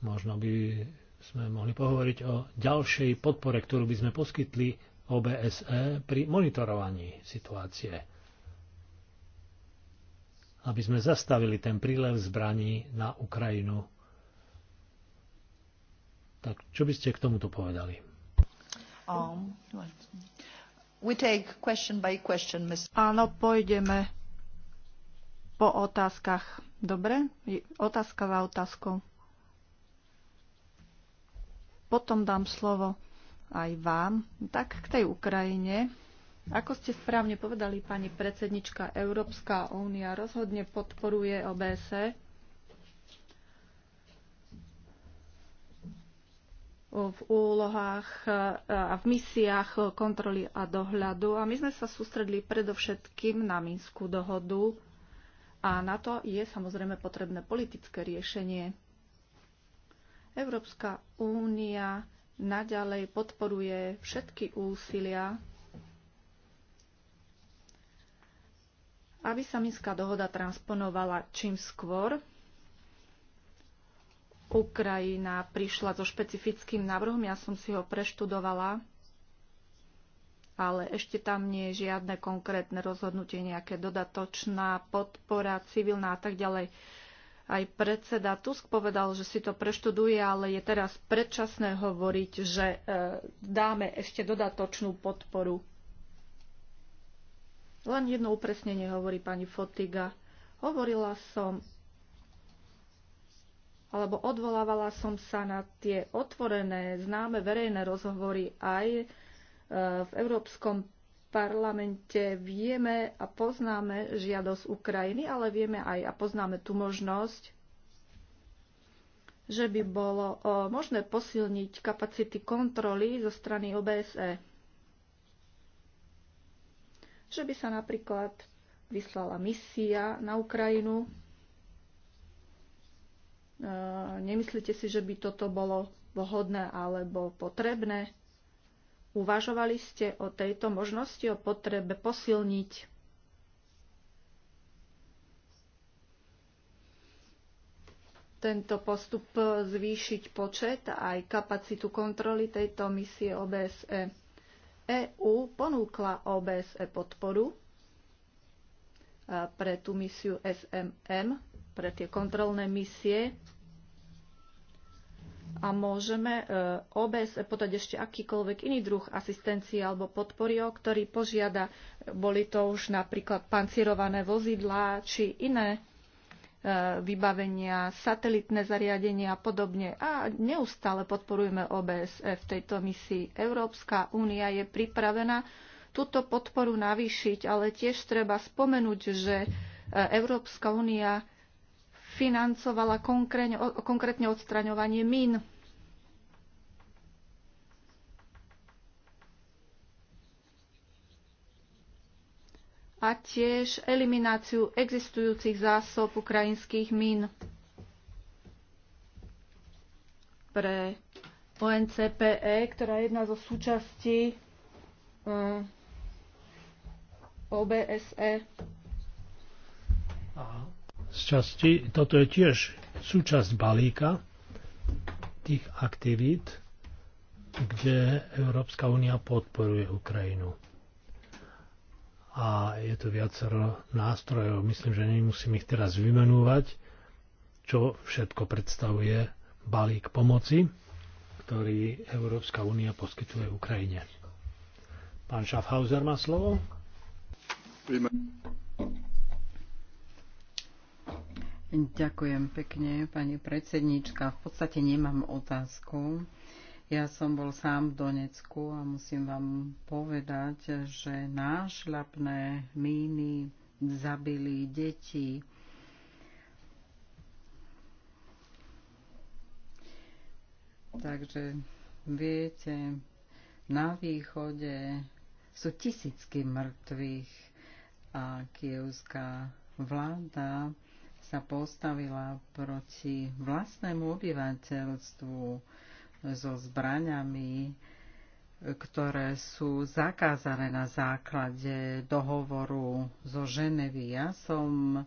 možno by sme mohli pohovoriť o ďalšej podpore, ktorú by sme poskytli OBSE pri monitorovaní situácie. Aby sme zastavili ten prílev zbraní na Ukrajinu. Tak čo by ste k tomuto povedali? Um, Áno, pôjdeme po otázkach. Dobre? Otázka za otázkou. Potom dám slovo aj vám. Tak k tej Ukrajine. Ako ste správne povedali, pani predsednička, Európska únia rozhodne podporuje OBSE v úlohách e, a v misiách e, kontroly a dohľadu. A my sme sa sústredili predovšetkým na Minskú dohodu a na to je samozrejme potrebné politické riešenie. Európska únia naďalej podporuje všetky úsilia, aby sa Minská dohoda transponovala čím skôr Ukrajina prišla so špecifickým návrhom, ja som si ho preštudovala, ale ešte tam nie je žiadne konkrétne rozhodnutie, nejaké dodatočná podpora civilná a tak ďalej. Aj predseda Tusk povedal, že si to preštuduje, ale je teraz predčasné hovoriť, že e, dáme ešte dodatočnú podporu. Len jedno upresnenie hovorí pani Fotiga. Hovorila som alebo odvolávala som sa na tie otvorené, známe verejné rozhovory aj e, v Európskom parlamente. Vieme a poznáme žiadosť Ukrajiny, ale vieme aj a poznáme tú možnosť, že by bolo e, možné posilniť kapacity kontroly zo strany OBSE. Že by sa napríklad vyslala misia na Ukrajinu, Eh, nemyslíte si, že by toto bolo vhodné alebo potrebné? Uvažovali ste o tejto možnosti, o potrebe posilniť tento postup, eh, zvýšiť počet a aj kapacitu kontroly tejto misie OBSE. EU ponúkla OBSE podporu eh, pre tú misiu SMM pre tie kontrolné misie a môžeme e, OBS e podať ešte akýkoľvek iný druh asistencie alebo podpory, o ktorý požiada. Boli to už napríklad pancirované vozidlá či iné e, vybavenia, satelitné zariadenia a podobne. A neustále podporujeme OBSE v tejto misii. Európska únia je pripravená túto podporu navýšiť, ale tiež treba spomenúť, že Európska únia financovala konkrétne odstraňovanie mín. a tiež elimináciu existujúcich zásob ukrajinských mín. Pre ONCPE, ktorá je jedna zo súčastí OBSE. E. Aha z časti, toto je tiež súčasť balíka tých aktivít, kde Európska únia podporuje Ukrajinu. A je tu viacero nástrojov, myslím, že nemusím ich teraz vymenúvať, čo všetko predstavuje balík pomoci, ktorý Európska únia poskytuje Ukrajine. Pán Schaffhauser má slovo. Ďakujem pekne, pani predsednička. V podstate nemám otázku. Ja som bol sám v Donecku a musím vám povedať, že nášľapné míny zabili deti. Takže viete, na východe sú tisícky mŕtvych a kievská vláda sa postavila proti vlastnému obyvateľstvu so zbraňami, ktoré sú zakázané na základe dohovoru zo Ženevy. Ja som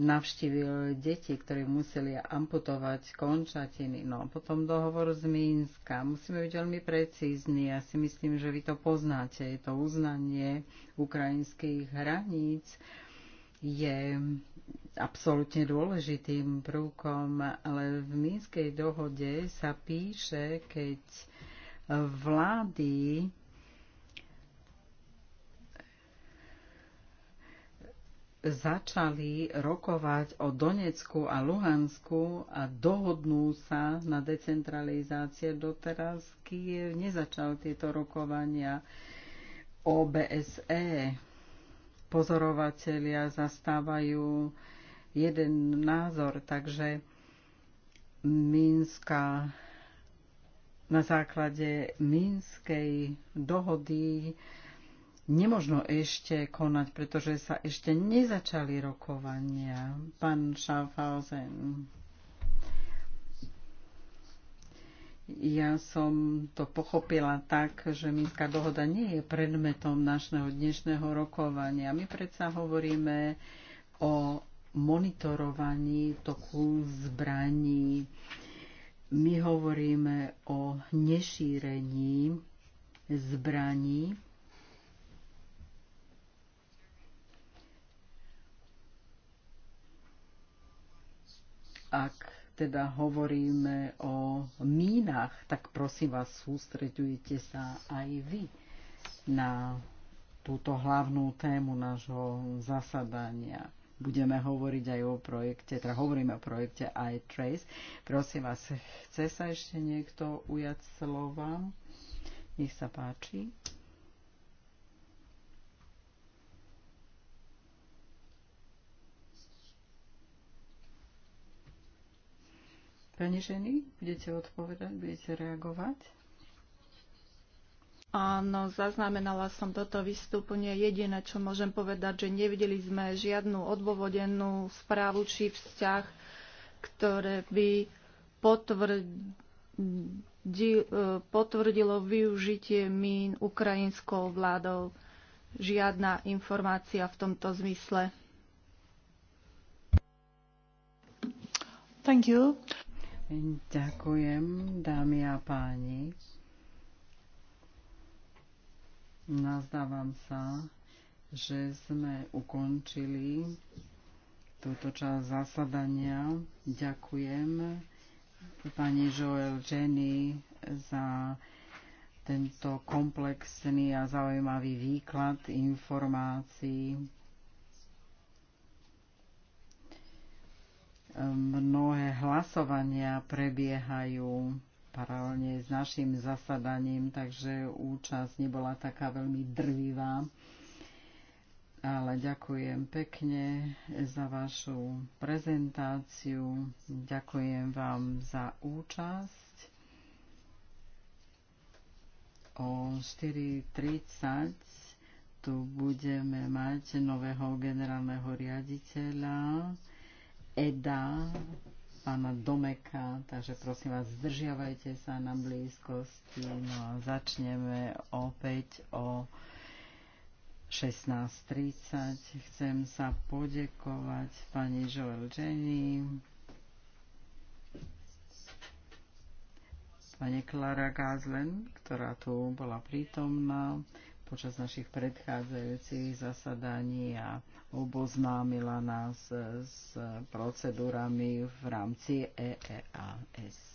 navštívil deti, ktorí museli amputovať končatiny. No a potom dohovor z Mínska. Musíme byť veľmi precízni. Ja si myslím, že vy to poznáte. Je to uznanie ukrajinských hraníc. Je absolútne dôležitým prvkom, ale v Mínskej dohode sa píše, keď vlády začali rokovať o Donecku a Luhansku a dohodnú sa na decentralizácie. Doteraz Kiev nezačal tieto rokovania OBSE. BSE pozorovatelia zastávajú jeden názor, takže Mínska na základe minskej dohody nemožno ešte konať, pretože sa ešte nezačali rokovania. Pán Schaffhausen. Ja som to pochopila tak, že Minská dohoda nie je predmetom našeho dnešného rokovania. My predsa hovoríme o monitorovaní toku zbraní. My hovoríme o nešírení zbraní. Ak teda hovoríme o mínach, tak prosím vás, sústreďujte sa aj vy na túto hlavnú tému nášho zasadania. Budeme hovoriť aj o projekte, teda hovoríme o projekte iTrace. Prosím vás, chce sa ešte niekto ujať slova? Nech sa páči. Pani ženy, budete odpovedať, budete reagovať? Áno, zaznamenala som toto vystúpenie. Jediné, čo môžem povedať, že nevideli sme žiadnu odôvodenú správu či vzťah, ktoré by potvrdilo využitie mín ukrajinskou vládou. Žiadna informácia v tomto zmysle. Thank you. Ďakujem, dámy a páni. Nazdávam sa, že sme ukončili túto časť zasadania. Ďakujem pani Joel Jenny za tento komplexný a zaujímavý výklad informácií. mnohé hlasovania prebiehajú paralelne s našim zasadaním, takže účasť nebola taká veľmi drvivá. Ale ďakujem pekne za vašu prezentáciu. Ďakujem vám za účasť. O 4.30 tu budeme mať nového generálneho riaditeľa. EDA, pána Domeka, takže prosím vás, zdržiavajte sa na blízkosti. No a začneme opäť o 16.30. Chcem sa podekovať pani Joel Jenny, pani Klara Gazlen, ktorá tu bola prítomná počas našich predchádzajúcich zasadaní a oboznámila nás eh, s procedúrami v rámci EEAS.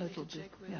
a little bit. Yeah.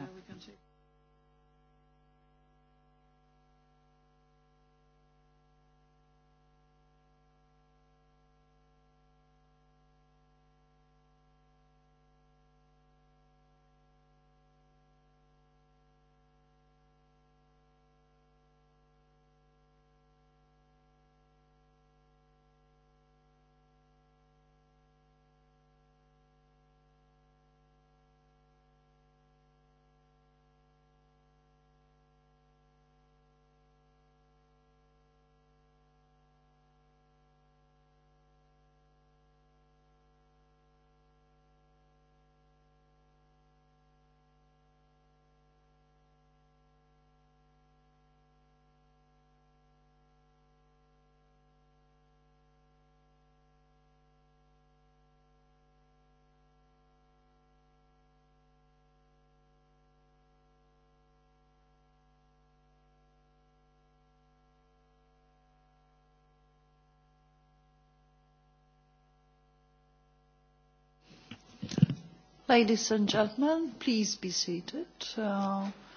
Uh,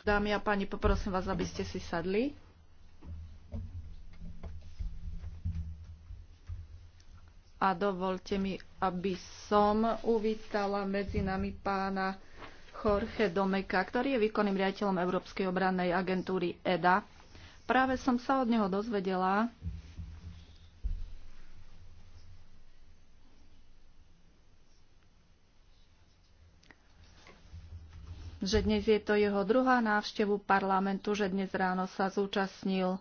Dámy a páni, poprosím vás, aby ste si sadli. A dovolte mi, aby som uvítala medzi nami pána Jorge Domeka, ktorý je výkonným riaditeľom Európskej obrannej agentúry EDA. Práve som sa od neho dozvedela, že dnes je to jeho druhá návštevu parlamentu, že dnes ráno sa zúčastnil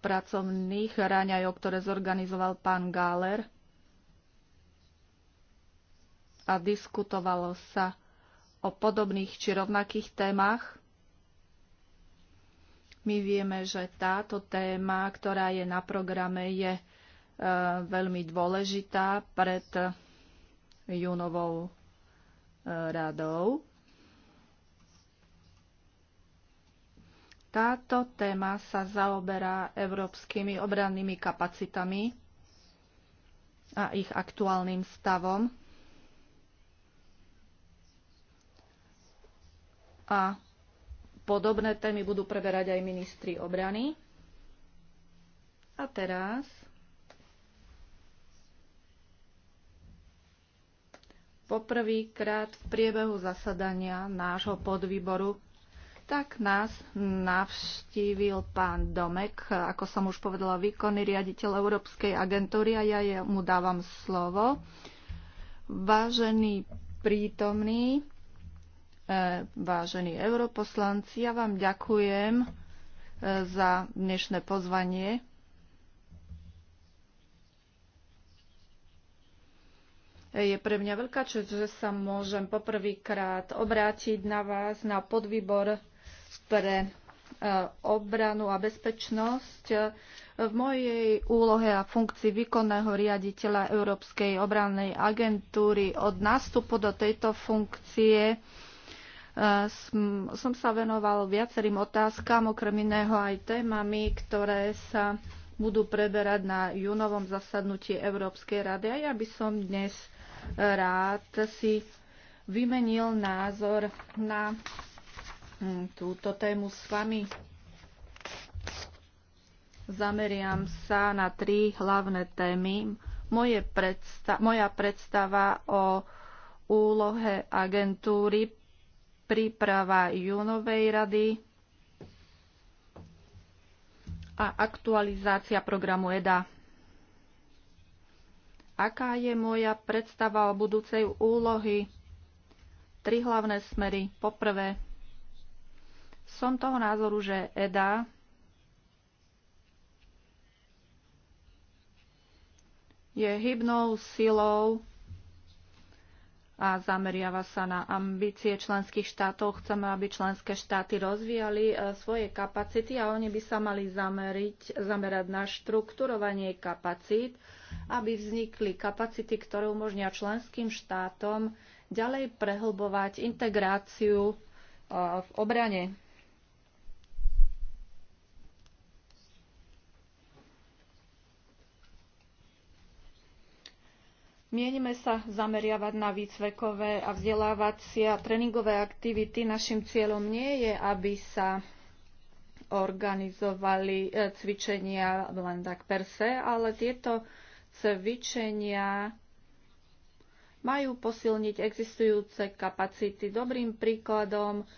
pracovných raňajov, ktoré zorganizoval pán Gáler a diskutovalo sa o podobných či rovnakých témach. My vieme, že táto téma, ktorá je na programe, je e, veľmi dôležitá pred júnovou e, radou Táto téma sa zaoberá európskymi obrannými kapacitami a ich aktuálnym stavom. A podobné témy budú preberať aj ministri obrany. A teraz poprvýkrát v priebehu zasadania nášho podvýboru tak nás navštívil pán Domek, ako som už povedala, výkonný riaditeľ Európskej agentúry a ja mu dávam slovo. Vážený prítomný, eh, vážení europoslanci, ja vám ďakujem eh, za dnešné pozvanie. Eh, je pre mňa veľká čest, že sa môžem poprvýkrát obrátiť na vás, na podvýbor pre e, obranu a bezpečnosť. E, v mojej úlohe a funkcii výkonného riaditeľa Európskej obrannej agentúry od nástupu do tejto funkcie e, som sa venoval viacerým otázkam, okrem iného aj témami, ktoré sa budú preberať na júnovom zasadnutí Európskej rady. A ja by som dnes rád si vymenil názor na Hm, túto tému s vami. Zameriam sa na tri hlavné témy. Moje predsta- moja predstava o úlohe agentúry, príprava júnovej rady a aktualizácia programu EDA. Aká je moja predstava o budúcej úlohy? Tri hlavné smery. Poprvé, som toho názoru, že EDA je hybnou silou a zameriava sa na ambície členských štátov. Chceme, aby členské štáty rozvíjali e, svoje kapacity a oni by sa mali zameriť, zamerať na štrukturovanie kapacít, aby vznikli kapacity, ktoré umožnia členským štátom ďalej prehlbovať integráciu e, v obrane. Mienime sa zameriavať na výcvekové a vzdelávacie a tréningové aktivity. Našim cieľom nie je, aby sa organizovali e, cvičenia len tak per se, ale tieto cvičenia majú posilniť existujúce kapacity. Dobrým príkladom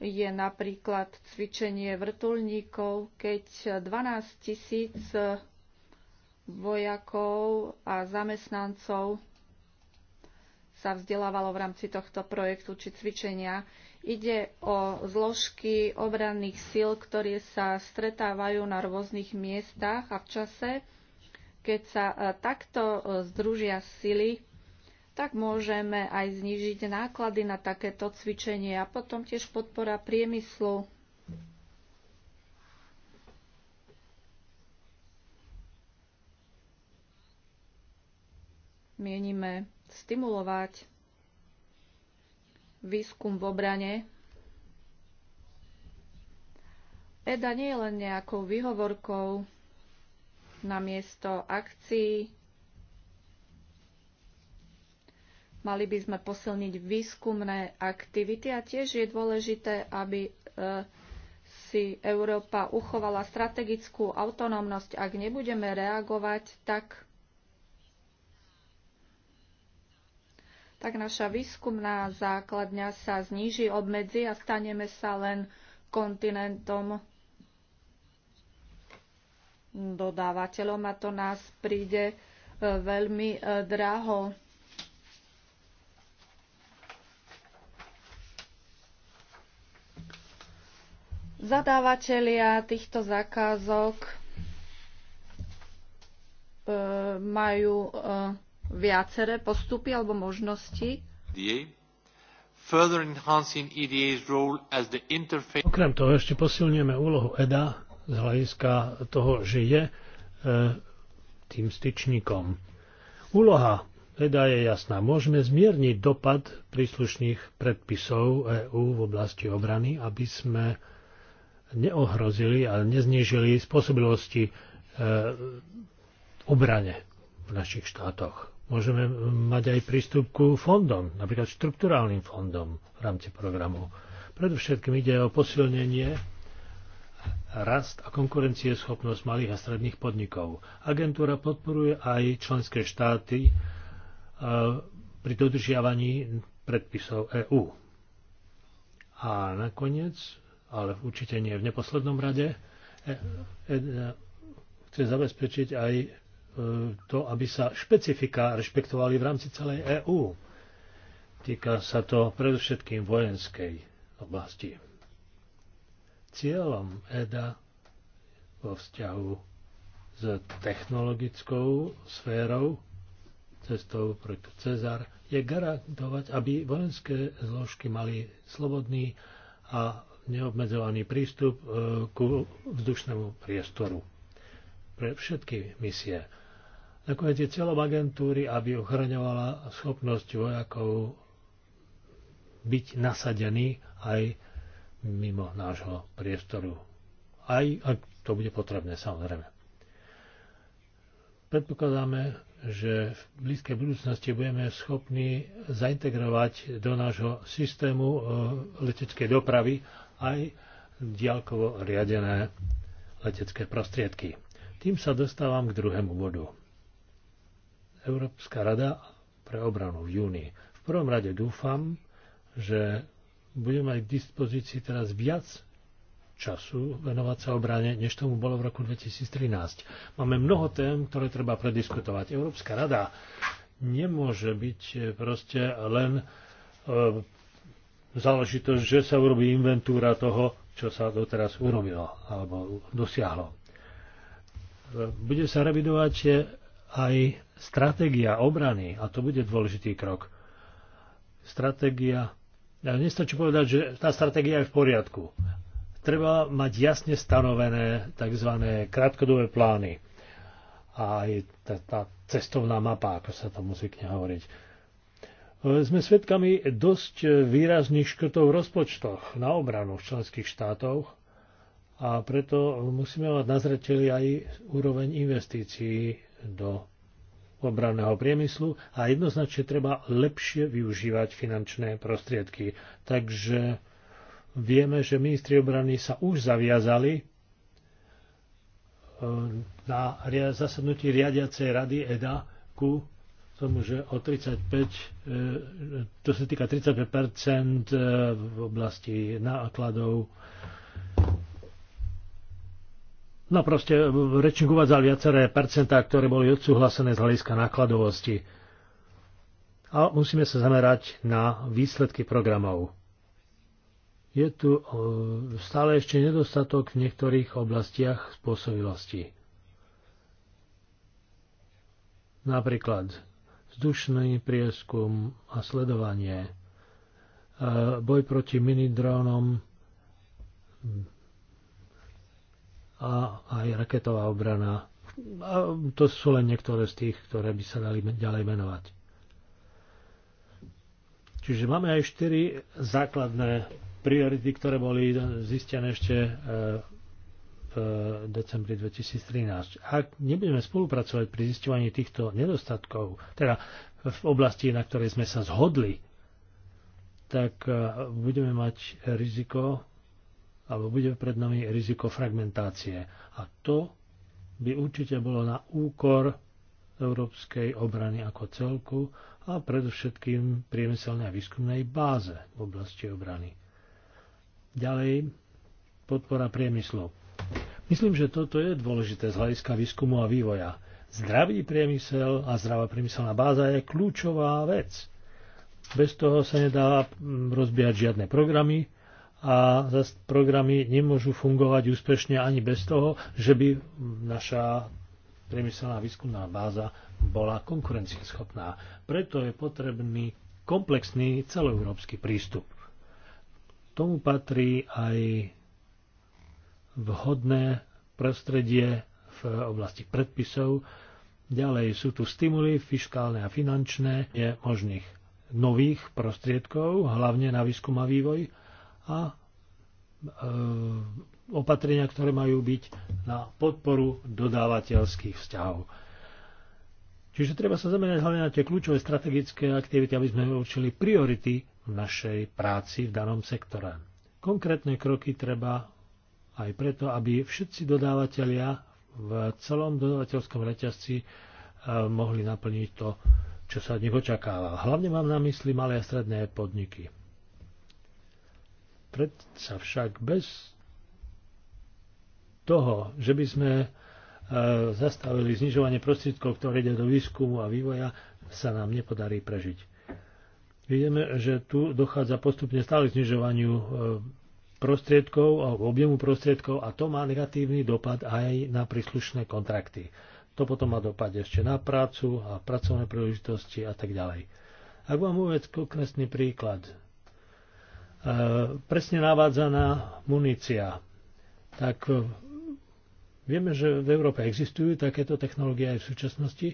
je napríklad cvičenie vrtulníkov, keď 12 tisíc vojakov a zamestnancov sa vzdelávalo v rámci tohto projektu či cvičenia. Ide o zložky obranných síl, ktoré sa stretávajú na rôznych miestach a v čase, keď sa e, takto e, združia sily, tak môžeme aj znížiť náklady na takéto cvičenie a potom tiež podpora priemyslu mienime stimulovať výskum v obrane. EDA nie je len nejakou výhovorkou na miesto akcií. Mali by sme posilniť výskumné aktivity a tiež je dôležité, aby e, si Európa uchovala strategickú autonómnosť. Ak nebudeme reagovať, tak tak naša výskumná základňa sa zníži, obmedzi a staneme sa len kontinentom dodávateľom a to nás príde e, veľmi e, draho. Zadávateľia týchto zakázok e, majú viaceré postupy alebo možnosti. E e Okrem toho ešte posilňujeme úlohu EDA z hľadiska toho, že je e, tým styčníkom. Úloha EDA je jasná. Môžeme zmierniť dopad príslušných predpisov EÚ v oblasti obrany, aby sme neohrozili a neznížili spôsobilosti e, obrane v našich štátoch. Môžeme mať aj prístup ku fondom, napríklad štrukturálnym fondom v rámci programu. Predovšetkým ide o posilnenie rast a konkurencieschopnosť malých a stredných podnikov. Agentúra podporuje aj členské štáty pri dodržiavaní predpisov EÚ. A nakoniec, ale určite nie v neposlednom rade, e, e, e, chce zabezpečiť aj E, to, aby sa špecifika rešpektovali v rámci celej EÚ. Týka sa to predovšetkým vojenskej oblasti. Cieľom EDA vo vzťahu s technologickou sférou cestou projektu Cezar je garantovať, aby vojenské zložky mali slobodný a neobmedzovaný prístup e, ku vzdušnému priestoru pre všetky misie Nakoniec je celom agentúry, aby ochraňovala schopnosť vojakov byť nasadený aj mimo nášho priestoru. Aj ak to bude potrebné, samozrejme. Predpokladáme, že v blízkej budúcnosti budeme schopní zaintegrovať do nášho systému e, leteckej dopravy aj diaľkovo riadené letecké prostriedky. Tým sa dostávam k druhému bodu. Európska rada pre obranu v júni. V prvom rade dúfam, že budeme mať k dispozícii teraz viac času venovať sa obrane, než tomu bolo v roku 2013. Máme mnoho tém, ktoré treba prediskutovať. Európska rada nemôže byť eh, proste len e, záležitosť, že sa urobí inventúra toho, čo sa doteraz urobilo alebo dosiahlo. Eh, bude sa revidovať aj stratégia obrany, a to bude dôležitý krok, stratégia, ja nestačí povedať, že tá stratégia je v poriadku. Treba mať jasne stanovené tzv. krátkodobé plány. A aj tá, tá cestovná mapa, ako sa to muzikne hovoriť. Sme svedkami dosť výrazných škrtov v rozpočtoch na obranu v členských štátoch a preto musíme mať na zreteli aj úroveň investícií do obranného priemyslu a jednoznačne treba lepšie využívať finančné prostriedky. Takže vieme, že ministri obrany sa už zaviazali e, na zasadnutí riadiacej rady EDA ku tomu, že o 35, e, to sa týka 35 e, v oblasti nákladov No proste e, rečník uvádzal viaceré percentá, ktoré boli odsúhlasené z hľadiska nákladovosti. A musíme sa zamerať na výsledky programov. Je tu e, stále ešte nedostatok v niektorých oblastiach spôsobilosti. Napríklad vzdušný prieskum a sledovanie, e, boj proti minidrónom, a aj raketová obrana. A to sú len niektoré z tých, ktoré by sa dali ďalej menovať. Čiže máme aj štyri základné priority, ktoré boli zistené ešte e, v decembri 2013. Ak nebudeme spolupracovať pri zistovaní týchto nedostatkov, teda v oblasti, na ktorej sme sa zhodli, tak e, budeme mať riziko alebo bude pred nami riziko fragmentácie. A to by určite bolo na úkor európskej obrany ako celku a predovšetkým priemyselnej a výskumnej báze v oblasti obrany. Ďalej, podpora priemyslu. Myslím, že toto je dôležité z hľadiska výskumu a vývoja. Zdravý priemysel a zdravá priemyselná báza je kľúčová vec. Bez toho sa nedá rozbiať žiadne programy, a programy nemôžu fungovať úspešne ani bez toho, že by naša priemyselná výskumná báza bola konkurencieschopná. Preto je potrebný komplexný celoeurópsky prístup. Tomu patrí aj vhodné prostredie v oblasti predpisov, ďalej sú tu stimuly fiskálne a finančné, je možných nových prostriedkov, hlavne na výskum a vývoj, a e, opatrenia, ktoré majú byť na podporu dodávateľských vzťahov. Čiže treba sa zamerať hlavne na tie kľúčové strategické aktivity, aby sme určili priority v našej práci v danom sektore. Konkrétne kroky treba aj preto, aby všetci dodávateľia v celom dodávateľskom reťazci e, mohli naplniť to, čo sa od nich očakáva. Hlavne mám na mysli malé a stredné podniky. Predsa však bez toho, že by sme e, zastavili znižovanie prostriedkov, ktoré ide do výskumu a vývoja, sa nám nepodarí prežiť. Vidíme, že tu dochádza postupne stále k znižovaniu e, prostriedkov a objemu prostriedkov a to má negatívny dopad aj na príslušné kontrakty. To potom má dopad ešte na prácu a pracovné príležitosti a tak ďalej. Ak vám uvedz konkrétny príklad, E, presne navádzaná munícia. Tak e, vieme, že v Európe existujú takéto technológie aj v súčasnosti,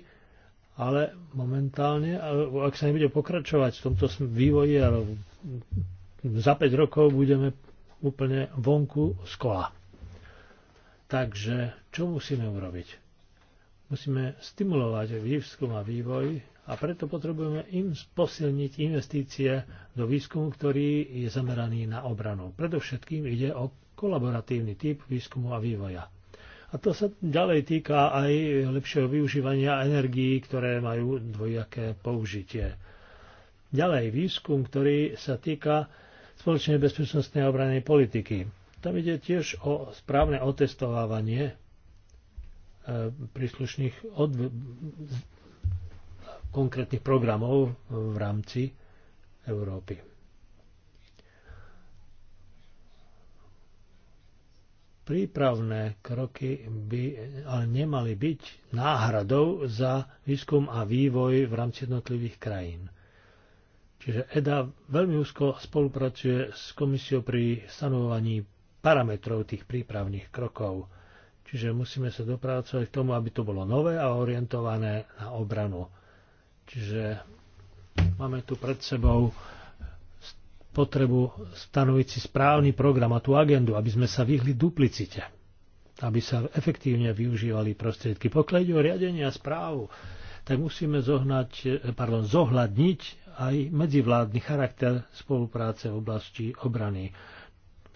ale momentálne, e, ak sa nebude pokračovať v tomto vývoji, ale za 5 rokov budeme úplne vonku z kola. Takže čo musíme urobiť? Musíme stimulovať výskum a vývoj a preto potrebujeme im posilniť investície do výskumu, ktorý je zameraný na obranu. Predovšetkým ide o kolaboratívny typ výskumu a vývoja. A to sa ďalej týka aj lepšieho využívania energií, ktoré majú dvojaké použitie. Ďalej výskum, ktorý sa týka spoločnej bezpečnostnej a obranej politiky. Tam ide tiež o správne otestovávanie e, príslušných odv- konkrétnych programov e, v rámci Európy. Prípravné kroky by ale nemali byť náhradou za výskum a vývoj v rámci jednotlivých krajín. Čiže EDA veľmi úzko spolupracuje s komisiou pri stanovovaní parametrov tých prípravných krokov. Čiže musíme sa dopracovať k tomu, aby to bolo nové a orientované na obranu. Čiže máme tu pred sebou potrebu stanoviť si správny program a tú agendu, aby sme sa vyhli duplicite, aby sa efektívne využívali prostriedky. Pokiaľ ide o riadenie a správu, tak musíme zohnať, pardon, zohľadniť aj medzivládny charakter spolupráce v oblasti obrany.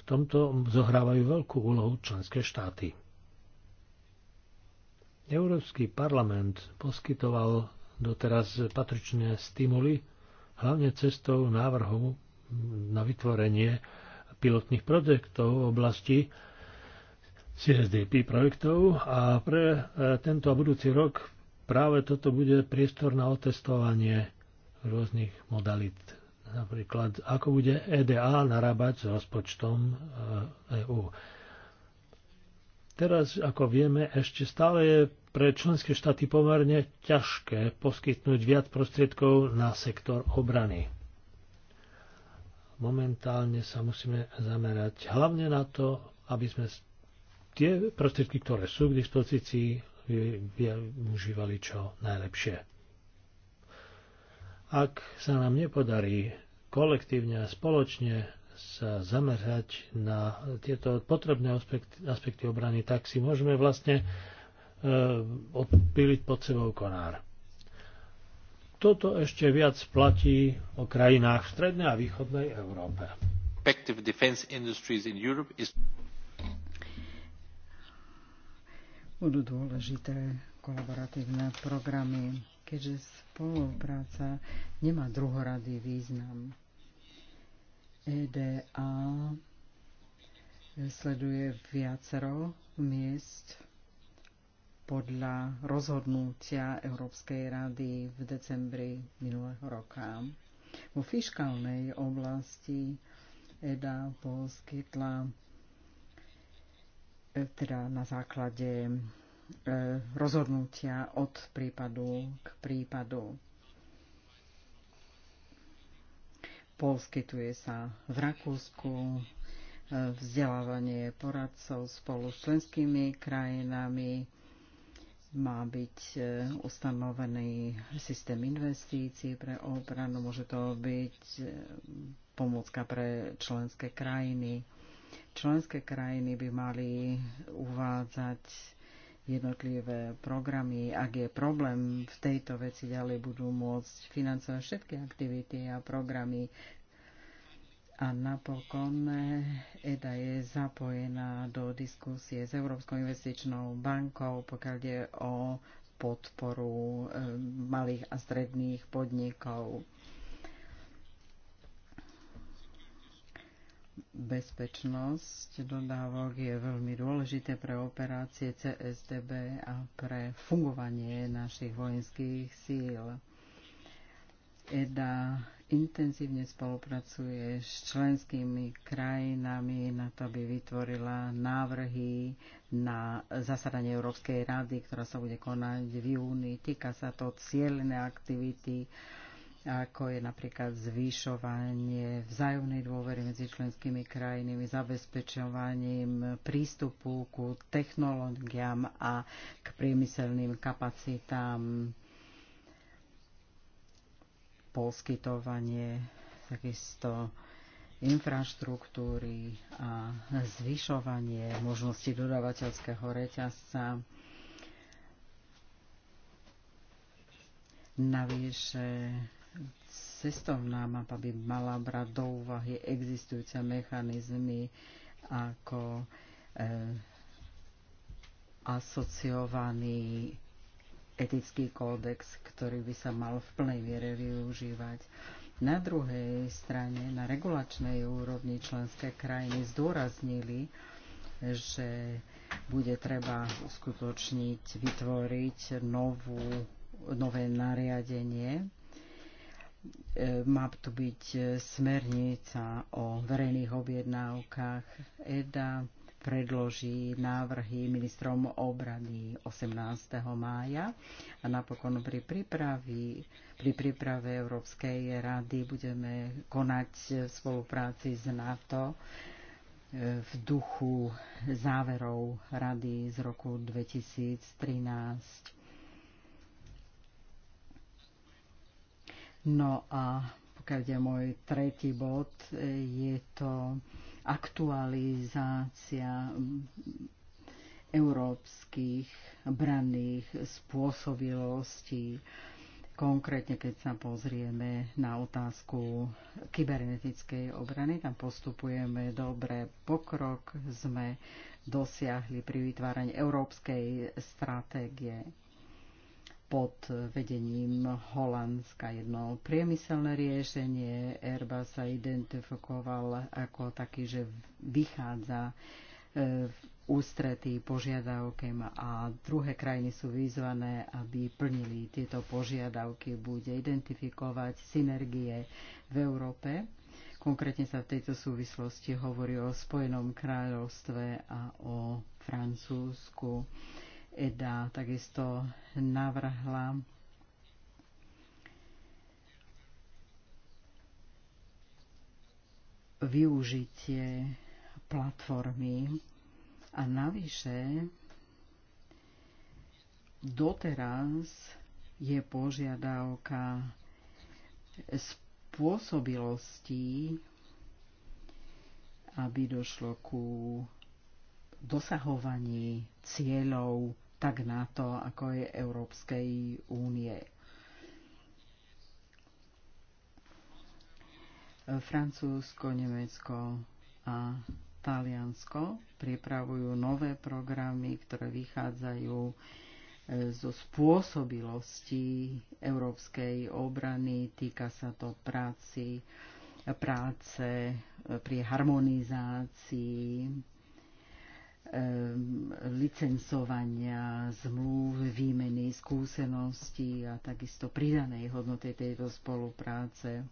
V tomto zohrávajú veľkú úlohu členské štáty. Európsky parlament poskytoval doteraz patričné stimuly, hlavne cestou návrhu na vytvorenie pilotných projektov v oblasti CSDP projektov a pre e, tento a budúci rok práve toto bude priestor na otestovanie rôznych modalit. Napríklad, ako bude EDA narábať s rozpočtom EÚ. E Teraz, ako vieme, ešte stále je pre členské štáty pomerne ťažké poskytnúť viac prostriedkov na sektor obrany. Momentálne sa musíme zamerať hlavne na to, aby sme tie prostriedky, ktoré sú k dispozícii, využívali čo najlepšie. Ak sa nám nepodarí kolektívne a spoločne sa zamerať na tieto potrebné aspekty, aspekty obrany, tak si môžeme vlastne Eh, odpíliť pod sebou konár. Toto ešte viac platí o krajinách v strednej a východnej Európe. Budú dôležité kolaboratívne programy, keďže spolupráca nemá druhoradý význam. EDA sleduje viacero miest podľa rozhodnutia Európskej rady v decembri minulého roka. Vo fiškálnej oblasti EDA poskytla e, teda na základe e, rozhodnutia od prípadu k prípadu. Poskytuje sa v Rakúsku, e, vzdelávanie poradcov spolu s členskými krajinami má byť e, ustanovený systém investícií pre obranu, môže to byť e, pomôcka pre členské krajiny. Členské krajiny by mali uvádzať jednotlivé programy. Ak je problém v tejto veci, ďalej budú môcť financovať všetky aktivity a programy a napokon EDA je zapojená do diskusie s Európskou investičnou bankou, pokiaľ je o podporu eh, malých a stredných podnikov. Bezpečnosť dodávok je veľmi dôležité pre operácie CSDB a pre fungovanie našich vojenských síl. EDA intenzívne spolupracuje s členskými krajinami na to, aby vytvorila návrhy na zasadanie Európskej rady, ktorá sa bude konať v júni. Týka sa to cieľné aktivity, ako je napríklad zvyšovanie vzájomnej dôvery medzi členskými krajinami, zabezpečovaním prístupu ku technológiám a k priemyselným kapacitám poskytovanie takisto infraštruktúry a zvyšovanie možnosti dodávateľského reťazca. Navyše cestovná mapa by mala brať do úvahy existujúce mechanizmy ako e, asociovaný etický kódex, ktorý by sa mal v plnej miere využívať. Na druhej strane, na regulačnej úrovni členské krajiny zdôraznili, že bude treba uskutočniť, vytvoriť novú, nové nariadenie. E, má tu byť smernica o verejných objednávkach EDA, predloží návrhy ministrom obrany 18. mája a napokon pri, pripravi, pri príprave Európskej rady budeme konať v spolupráci s NATO e, v duchu záverov rady z roku 2013. No a pokiaľ ide môj tretí bod, e, je to aktualizácia európskych branných spôsobilostí. Konkrétne, keď sa pozrieme na otázku kybernetickej obrany, tam postupujeme dobre. Pokrok sme dosiahli pri vytváraní európskej stratégie pod vedením Holandska. Jedno priemyselné riešenie Airbus sa identifikoval ako taký, že vychádza e, v ústretí požiadavkem a druhé krajiny sú vyzvané, aby plnili tieto požiadavky, bude identifikovať synergie v Európe. Konkrétne sa v tejto súvislosti hovorí o Spojenom kráľovstve a o Francúzsku. EDA takisto navrhla. využitie platformy a navyše doteraz je požiadavka spôsobilostí, aby došlo ku dosahovaní cieľov tak NATO, ako je Európskej únie. Francúzsko, Nemecko a Taliansko pripravujú nové programy, ktoré vychádzajú eh, zo spôsobilosti európskej obrany. Týka sa to práci, práce eh, pri harmonizácii licencovania, zmluv, výmeny skúseností a takisto pridanej hodnoty tejto spolupráce.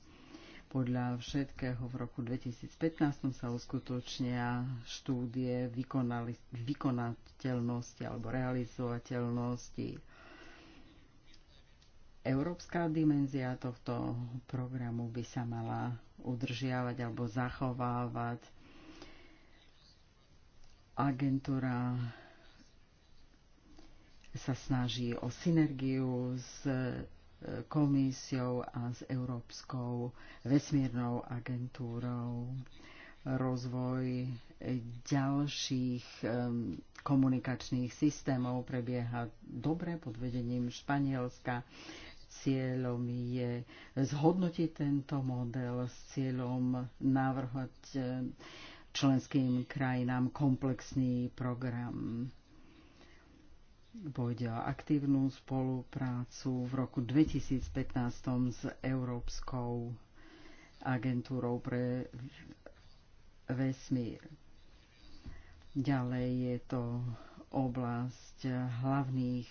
Podľa všetkého v roku 2015 sa uskutočnia štúdie vykonateľnosti alebo realizovateľnosti. Európska dimenzia tohto programu by sa mala udržiavať alebo zachovávať Agentúra sa snaží o synergiu s e, komisiou a s Európskou vesmírnou agentúrou rozvoj ďalších e, komunikačných systémov prebieha dobre pod vedením Španielska. Cieľom je zhodnotiť tento model s cieľom navrhovať e, členským krajinám komplexný program. Pôjde o aktívnu spoluprácu v roku 2015 s Európskou agentúrou pre vesmír. Ďalej je to oblasť hlavných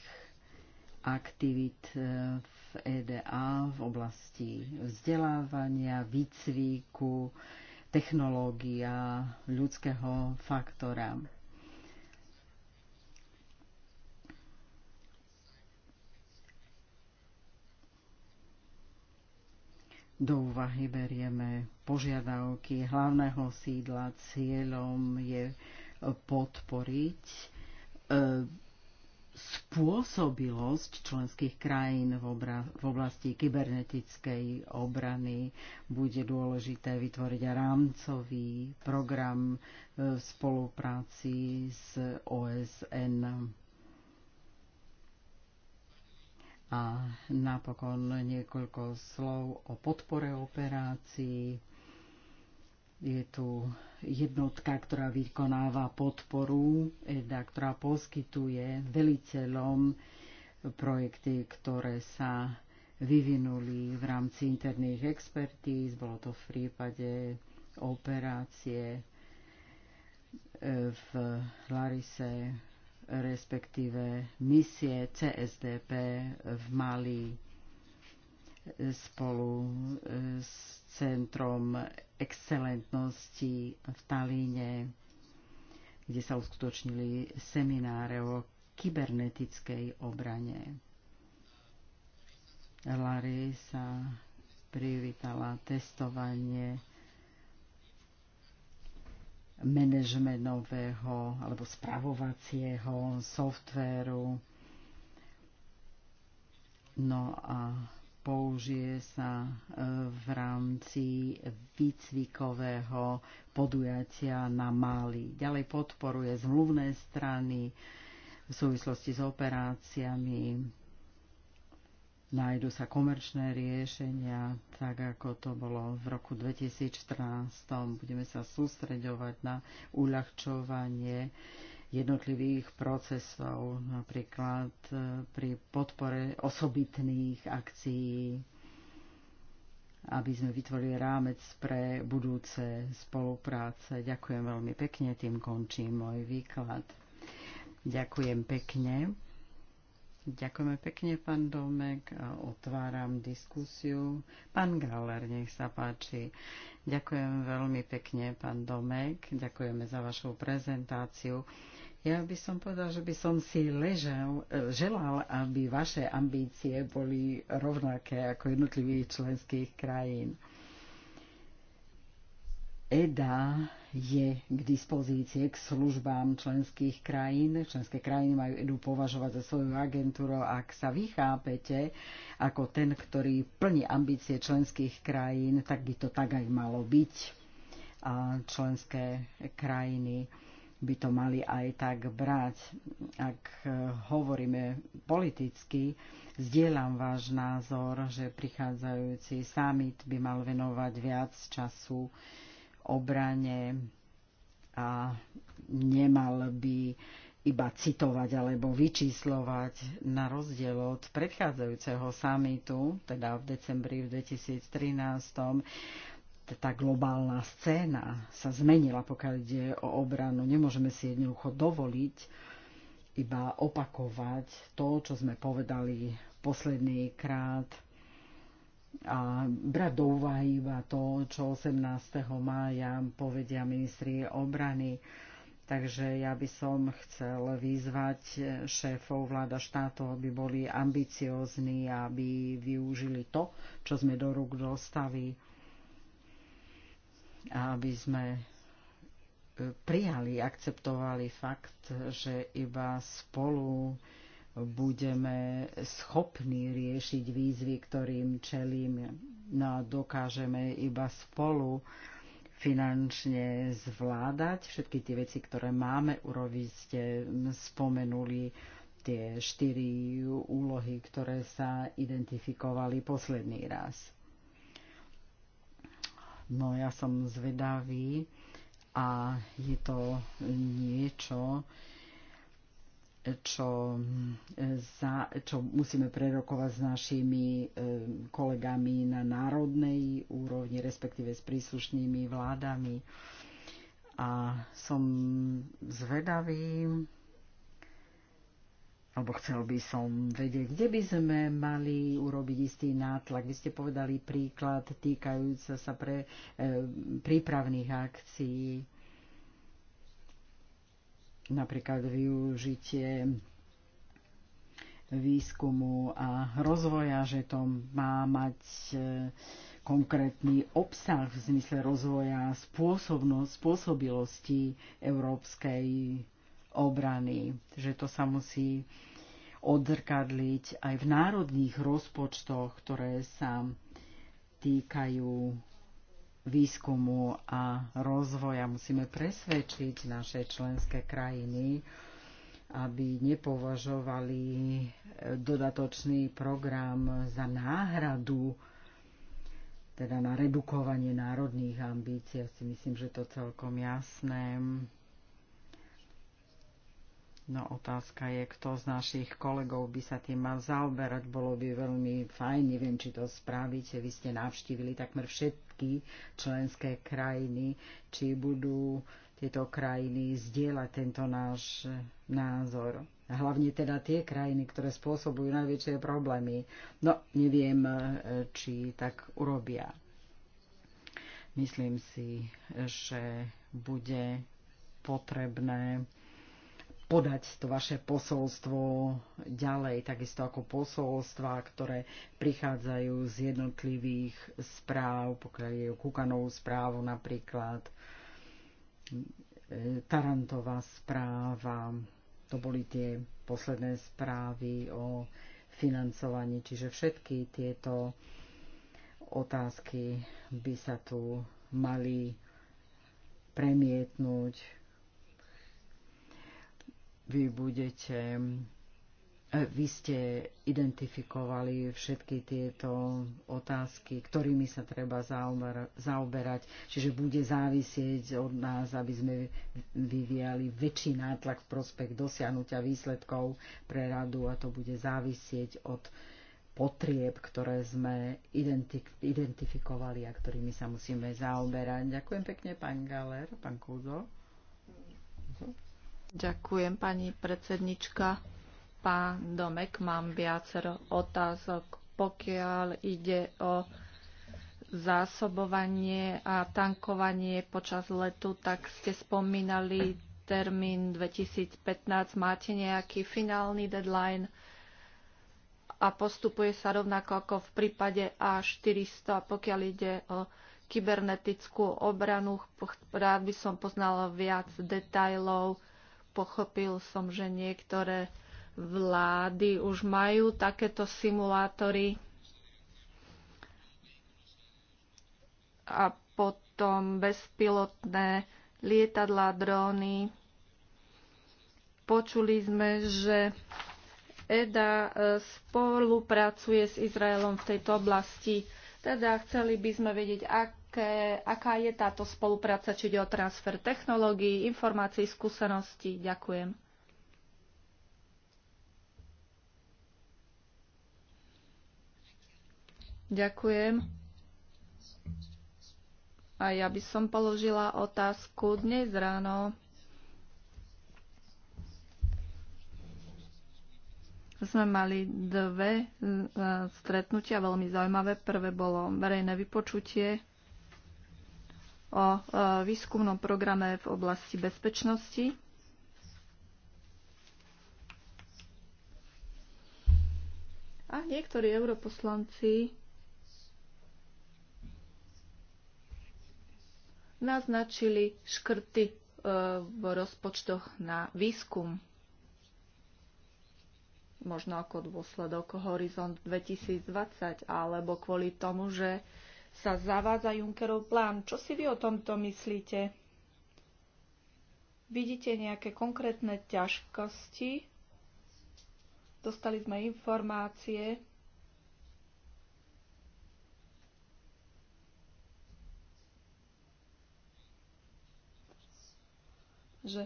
aktivít v EDA v oblasti vzdelávania, výcviku, technológia ľudského faktora. Do úvahy berieme požiadavky hlavného sídla. Cieľom je podporiť e, spôsobilosť členských krajín v oblasti kybernetickej obrany. Bude dôležité vytvoriť rámcový program e, v spolupráci s OSN. A napokon niekoľko slov o podpore operácií je tu jednotka, ktorá vykonáva podporu, EDA, ktorá poskytuje veliteľom projekty, ktoré sa vyvinuli v rámci interných expertíz. Bolo to v prípade operácie e, v Larise, respektíve misie CSDP v Mali e, spolu e, s centrom excelentnosti v Talíne, kde sa uskutočnili semináre o kybernetickej obrane. Larry sa privítala testovanie manažmentového alebo spravovacieho softvéru. No a použije sa e, v rámci výcvikového podujatia na Mali. Ďalej podporuje zmluvné strany v súvislosti s operáciami. Nájdu sa komerčné riešenia, tak ako to bolo v roku 2014. Budeme sa sústreďovať na uľahčovanie jednotlivých procesov, napríklad e, pri podpore osobitných akcií, aby sme vytvorili rámec pre budúce spolupráce. Ďakujem veľmi pekne, tým končím môj výklad. Ďakujem pekne. Ďakujeme pekne, pán Domek. A otváram diskusiu. Pán Galer, nech sa páči. Ďakujem veľmi pekne, pán Domek. Ďakujeme za vašu prezentáciu. Ja by som povedal, že by som si ležal, želal, aby vaše ambície boli rovnaké ako jednotlivých členských krajín. EDA je k dispozície k službám členských krajín. Členské krajiny majú idú považovať za svoju agentúru, ak sa vychápete ako ten, ktorý plní ambície členských krajín, tak by to tak aj malo byť. A členské krajiny by to mali aj tak brať. Ak e, hovoríme politicky, zdieľam váš názor, že prichádzajúci summit by mal venovať viac času obrane a nemal by iba citovať alebo vyčíslovať na rozdiel od predchádzajúceho samitu, teda v decembri v 2013, tá globálna scéna sa zmenila, pokiaľ ide o obranu. Nemôžeme si jednoducho dovoliť iba opakovať to, čo sme povedali posledný krát a brať do úvahy iba to, čo 18. mája povedia ministri obrany. Takže ja by som chcel vyzvať šéfov vláda štátov, aby boli ambiciozní, aby využili to, čo sme do rúk dostali a aby sme e, prijali, akceptovali fakt, že iba spolu budeme schopní riešiť výzvy, ktorým čelíme. No a dokážeme iba spolu finančne zvládať všetky tie veci, ktoré máme urobiť. Ste spomenuli tie štyri úlohy, ktoré sa identifikovali posledný raz. No ja som zvedavý a je to niečo, čo, za, čo musíme prerokovať s našimi eh, kolegami na národnej úrovni, respektíve s príslušnými vládami. A som zvedavý, alebo chcel by som vedieť, kde by sme mali urobiť istý nátlak. Vy ste povedali príklad týkajúca sa pre e, prípravných akcií napríklad využitie výskumu a rozvoja, že to má mať e, konkrétny obsah v zmysle rozvoja spôsobilosti európskej obrany. Že to sa musí odzrkadliť aj v národných rozpočtoch, ktoré sa týkajú výskumu a rozvoja. Musíme presvedčiť naše členské krajiny, aby nepovažovali e, dodatočný program za náhradu, teda na redukovanie národných ambícií. Ja si myslím, že to celkom jasné. No otázka je, kto z našich kolegov by sa tým mal zaoberať. Bolo by veľmi fajn, neviem, či to spravíte. Vy ste navštívili takmer všetky všetky členské krajiny, či budú tieto krajiny zdieľať tento náš názor. Hlavne teda tie krajiny, ktoré spôsobujú najväčšie problémy. No, neviem, e, či tak urobia. Myslím si, že bude potrebné podať to vaše posolstvo ďalej, takisto ako posolstva, ktoré prichádzajú z jednotlivých správ, pokiaľ je Kukanovú správu napríklad, e, Tarantová správa, to boli tie posledné správy o financovaní, čiže všetky tieto otázky by sa tu mali premietnúť vy budete, eh, vy ste identifikovali všetky tieto otázky, ktorými sa treba zaoberať, čiže bude závisieť od nás, aby sme vyvíjali väčší nátlak v prospech dosiahnutia výsledkov pre radu a to bude závisieť od potrieb, ktoré sme identifikovali a ktorými sa musíme zaoberať. Ďakujem pekne, pán Galer, pán Kúzo. Uh-huh. Ďakujem, pani predsednička. Pán Domek, mám viacero otázok. Pokiaľ ide o zásobovanie a tankovanie počas letu, tak ste spomínali termín 2015. Máte nejaký finálny deadline? a postupuje sa rovnako ako v prípade A400. A pokiaľ ide o kybernetickú obranu, rád by som poznala viac detajlov Pochopil som, že niektoré vlády už majú takéto simulátory a potom bezpilotné lietadlá, dróny. Počuli sme, že EDA e, spolupracuje s Izraelom v tejto oblasti. Teda chceli by sme vedieť, ak aké, aká je táto spolupráca, či ide o transfer technológií, informácií, skúseností. Ďakujem. Ďakujem. A ja by som položila otázku dnes ráno. Sme mali dve e, stretnutia, veľmi zaujímavé. Prvé bolo verejné vypočutie o e, výskumnom programe v oblasti bezpečnosti. A niektorí europoslanci naznačili škrty e, v rozpočtoch na výskum. Možno ako dôsledok Horizont 2020, alebo kvôli tomu, že sa zavádza Junckerov plán. Čo si vy o tomto myslíte? Vidíte nejaké konkrétne ťažkosti? Dostali sme informácie, že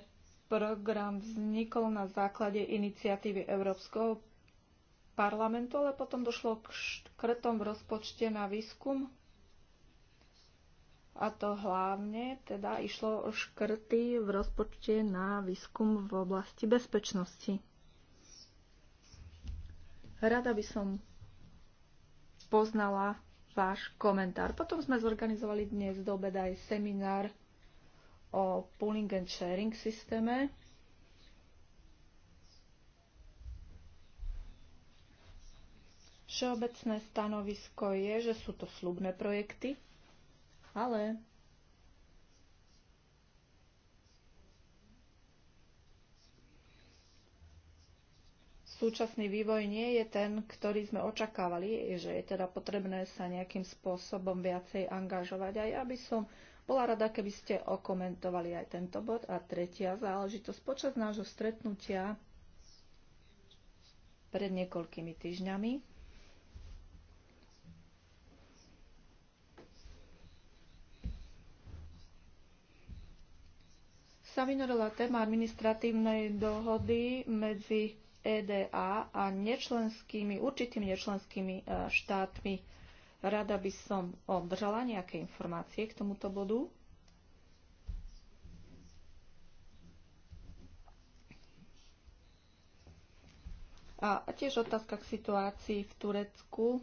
program vznikol na základe iniciatívy Európskeho parlamentu, ale potom došlo k škrtom v rozpočte na výskum. A to hlavne teda išlo o škrty v rozpočte na výskum v oblasti bezpečnosti. Rada by som poznala váš komentár. Potom sme zorganizovali dnes do obeda aj seminár o pooling and sharing systéme. Všeobecné stanovisko je, že sú to slubné projekty, ale súčasný vývoj nie je ten, ktorý sme očakávali, že je teda potrebné sa nejakým spôsobom viacej angažovať. Aj ja by som bola rada, keby ste okomentovali aj tento bod. A tretia záležitosť. Počas nášho stretnutia pred niekoľkými týždňami sa vynorila téma administratívnej dohody medzi EDA a nečlenskými, určitými nečlenskými e, štátmi. Rada by som obdržala nejaké informácie k tomuto bodu. A tiež otázka k situácii v Turecku.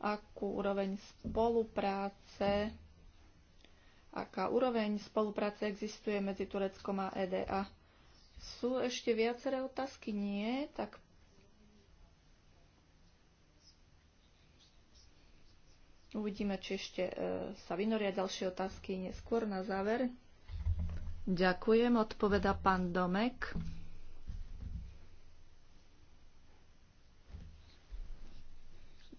Akú úroveň spolupráce aká úroveň spolupráce existuje medzi Tureckom a EDA. Sú ešte viaceré otázky? Nie, tak Uvidíme, či ešte e, sa vynoria ďalšie otázky neskôr na záver. Ďakujem, odpoveda pán Domek.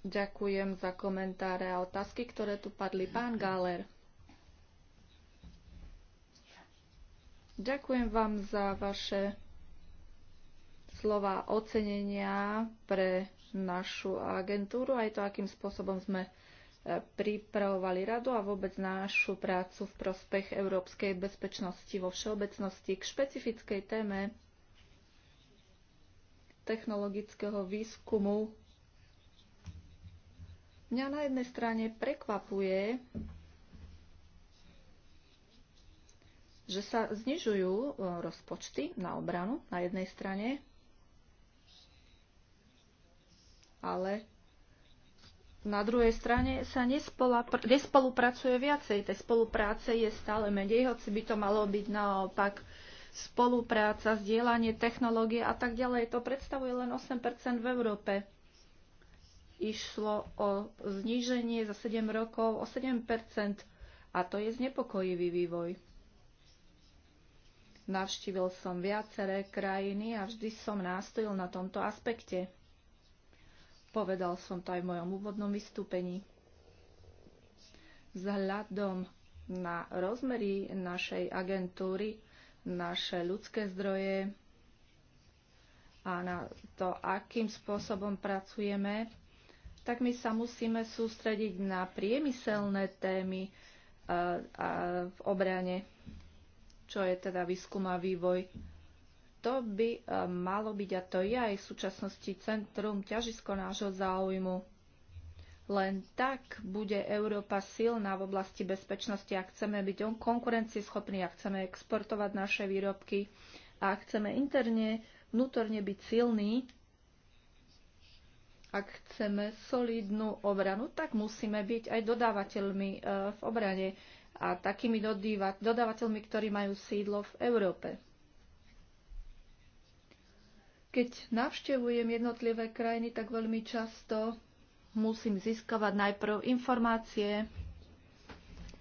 Ďakujem za komentáre a otázky, ktoré tu padli. Pán Gáler. Ďakujem vám za vaše slova ocenenia pre našu agentúru, aj to, akým spôsobom sme e, pripravovali radu a vôbec našu prácu v prospech európskej bezpečnosti vo všeobecnosti k špecifickej téme technologického výskumu. Mňa na jednej strane prekvapuje, že sa znižujú e, rozpočty na obranu na jednej strane, ale na druhej strane sa nespolupracuje viacej. Tej spolupráce je stále menej, hoci by to malo byť naopak spolupráca, zdieľanie technológie a tak ďalej. To predstavuje len 8 v Európe. Išlo o zníženie za 7 rokov o 7 a to je znepokojivý vývoj. Navštívil som viaceré krajiny a vždy som nástojil na tomto aspekte. Povedal som to aj v mojom úvodnom vystúpení. Vzhľadom na rozmery našej agentúry, naše ľudské zdroje a na to, akým spôsobom pracujeme, tak my sa musíme sústrediť na priemyselné témy eh, v obrane čo je teda výskum a vývoj. To by e, malo byť, a to je aj v súčasnosti centrum ťažisko nášho záujmu. Len tak bude Európa silná v oblasti bezpečnosti, ak chceme byť konkurencieschopní, ak chceme exportovať naše výrobky a ak chceme interne, vnútorne byť silní, ak chceme solidnú obranu, tak musíme byť aj dodávateľmi e, v obrane a takými dodávateľmi, ktorí majú sídlo v Európe. Keď navštevujem jednotlivé krajiny, tak veľmi často musím získavať najprv informácie,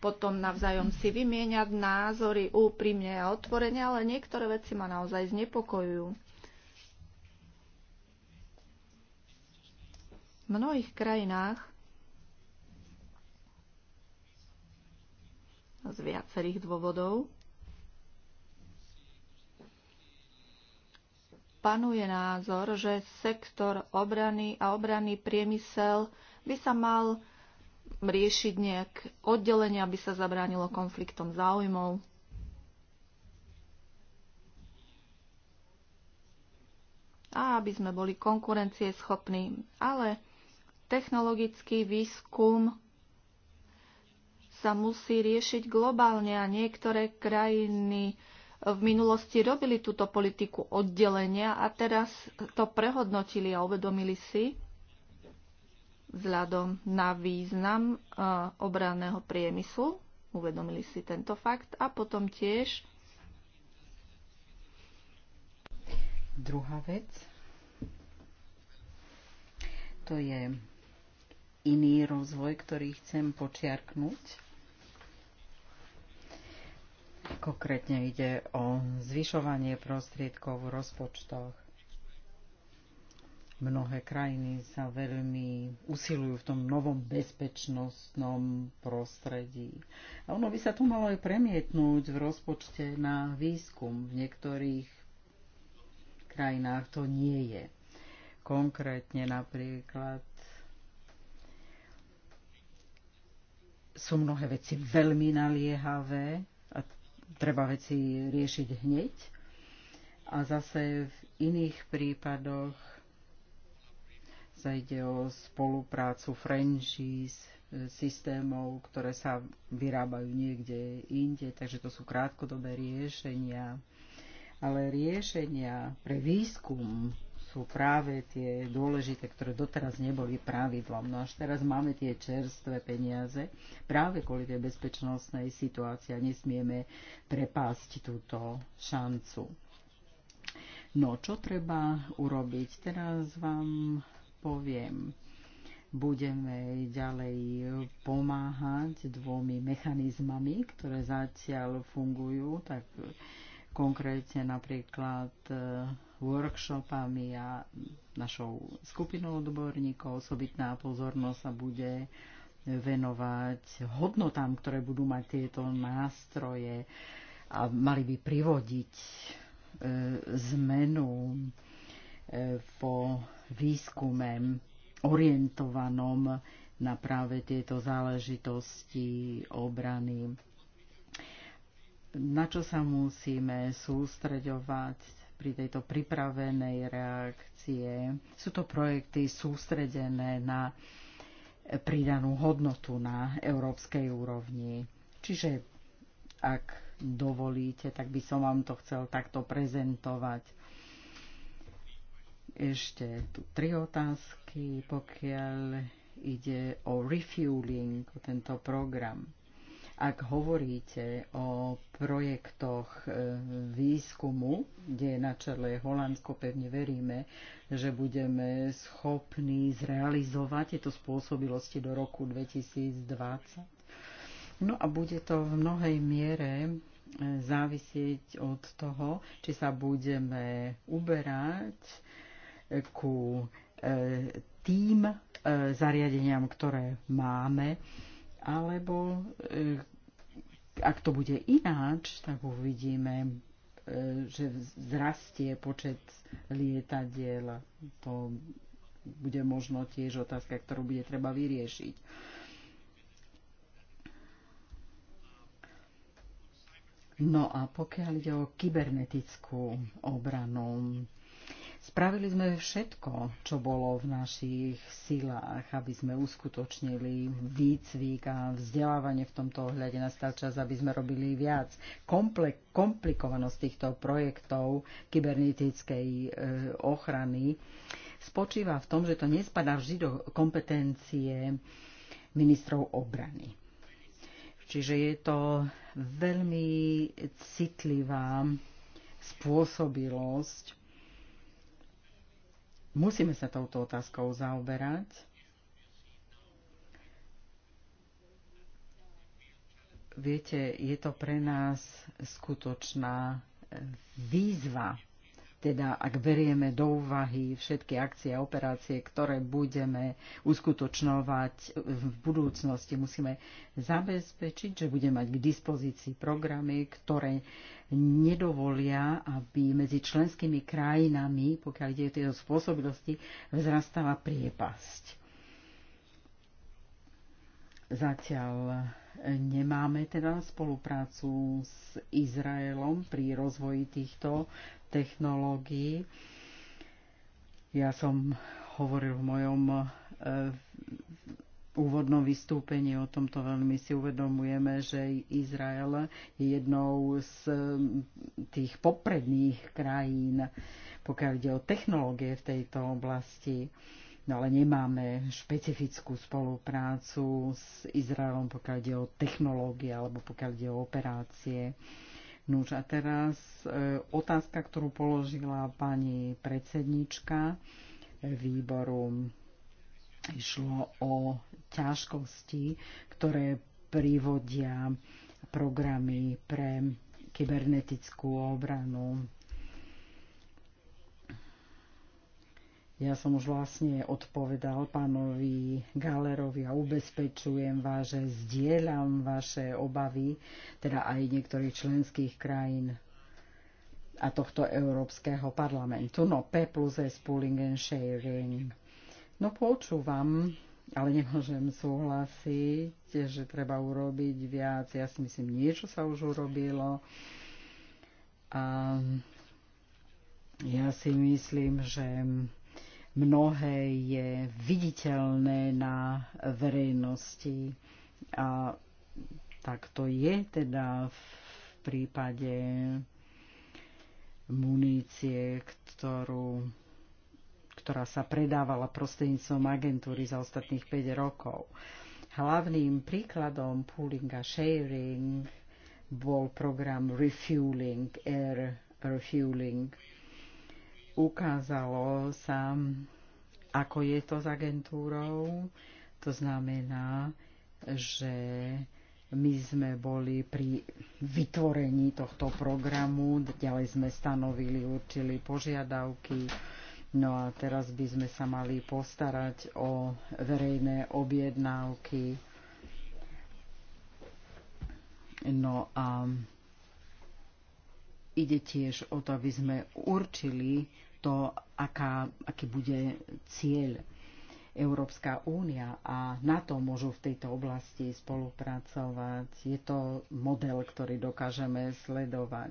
potom navzájom si vymieňať názory úprimne a otvorene, ale niektoré veci ma naozaj znepokojujú. V mnohých krajinách z viacerých dôvodov. Panuje názor, že sektor obrany a obranný priemysel by sa mal riešiť nejak oddelenie, aby sa zabránilo konfliktom záujmov. A aby sme boli konkurencieschopní. Ale technologický výskum sa musí riešiť globálne a niektoré krajiny v minulosti robili túto politiku oddelenia a teraz to prehodnotili a uvedomili si vzhľadom na význam e, obranného priemyslu. Uvedomili si tento fakt a potom tiež. Druhá vec. To je iný rozvoj, ktorý chcem počiarknúť Konkrétne ide o zvyšovanie prostriedkov v rozpočtoch. Mnohé krajiny sa veľmi usilujú v tom novom bezpečnostnom prostredí. A ono by sa tu malo aj premietnúť v rozpočte na výskum. V niektorých krajinách to nie je. Konkrétne napríklad sú mnohé veci veľmi naliehavé, treba veci riešiť hneď. A zase v iných prípadoch sa ide o spoluprácu franchise e, systémov, ktoré sa vyrábajú niekde inde, takže to sú krátkodobé riešenia. Ale riešenia pre výskum sú práve tie dôležité, ktoré doteraz neboli pravidlom. No až teraz máme tie čerstvé peniaze práve kvôli tej bezpečnostnej situácii a nesmieme prepásť túto šancu. No čo treba urobiť? Teraz vám poviem budeme ďalej pomáhať dvomi mechanizmami, ktoré zatiaľ fungujú, tak konkrétne napríklad workshopami a našou skupinou odborníkov. Osobitná pozornosť sa bude venovať hodnotám, ktoré budú mať tieto nástroje a mali by privodiť e, zmenu e, po výskume orientovanom na práve tieto záležitosti obrany. Na čo sa musíme sústreďovať pri tejto pripravenej reakcie. Sú to projekty sústredené na pridanú hodnotu na európskej úrovni. Čiže ak dovolíte, tak by som vám to chcel takto prezentovať. Ešte tu tri otázky, pokiaľ ide o refueling, o tento program. Ak hovoríte o projektoch e, výskumu, kde je na čele Holandsko, pevne veríme, že budeme schopní zrealizovať tieto spôsobilosti do roku 2020. No a bude to v mnohej miere e, závisieť od toho, či sa budeme uberať e, ku tým zariadeniam, ktoré máme, alebo e, ak to bude ináč, tak uvidíme, e, že zrastie počet lietadiel. To bude možno tiež otázka, ktorú bude treba vyriešiť. No a pokiaľ ide o kybernetickú obranu, Spravili sme všetko, čo bolo v našich silách, aby sme uskutočnili výcvik a vzdelávanie v tomto ohľade. Nastal čas, aby sme robili viac. Komple- komplikovanosť týchto projektov kybernetickej e, ochrany spočíva v tom, že to nespadá vždy do kompetencie ministrov obrany. Čiže je to veľmi citlivá spôsobilosť Musíme sa touto otázkou zaoberať. Viete, je to pre nás skutočná e, výzva teda ak berieme do úvahy všetky akcie a operácie, ktoré budeme uskutočňovať v budúcnosti, musíme zabezpečiť, že budeme mať k dispozícii programy, ktoré nedovolia, aby medzi členskými krajinami, pokiaľ ide o tieto spôsobilosti, vzrastala priepasť. Zatiaľ nemáme teda spoluprácu s Izraelom pri rozvoji týchto technológií. Ja som hovoril v mojom e, úvodnom vystúpení o tomto veľmi si uvedomujeme, že Izrael je jednou z tých popredných krajín, pokiaľ ide o technológie v tejto oblasti. No ale nemáme špecifickú spoluprácu s Izraelom, pokiaľ ide o technológie alebo pokiaľ ide o operácie. Nuž a teraz e, otázka, ktorú položila pani predsednička výboru. Išlo o ťažkosti, ktoré privodia programy pre kybernetickú obranu. Ja som už vlastne odpovedal pánovi Galerovi a ubezpečujem vás, že zdieľam vaše obavy, teda aj niektorých členských krajín a tohto Európskeho parlamentu. No, P plus S, pooling and sharing. No, počúvam, ale nemôžem súhlasiť, že treba urobiť viac. Ja si myslím, niečo sa už urobilo. A ja si myslím, že mnohé je viditeľné na verejnosti a tak to je teda v prípade munície, ktorú, ktorá sa predávala prostredníctvom agentúry za ostatných 5 rokov. Hlavným príkladom pooling a sharing bol program Refueling, Air Refueling ukázalo sa, ako je to s agentúrou. To znamená, že my sme boli pri vytvorení tohto programu, ďalej sme stanovili, určili požiadavky, no a teraz by sme sa mali postarať o verejné objednávky. No a ide tiež o to, aby sme určili to, aká, aký bude cieľ. Európska únia a NATO môžu v tejto oblasti spolupracovať. Je to model, ktorý dokážeme sledovať.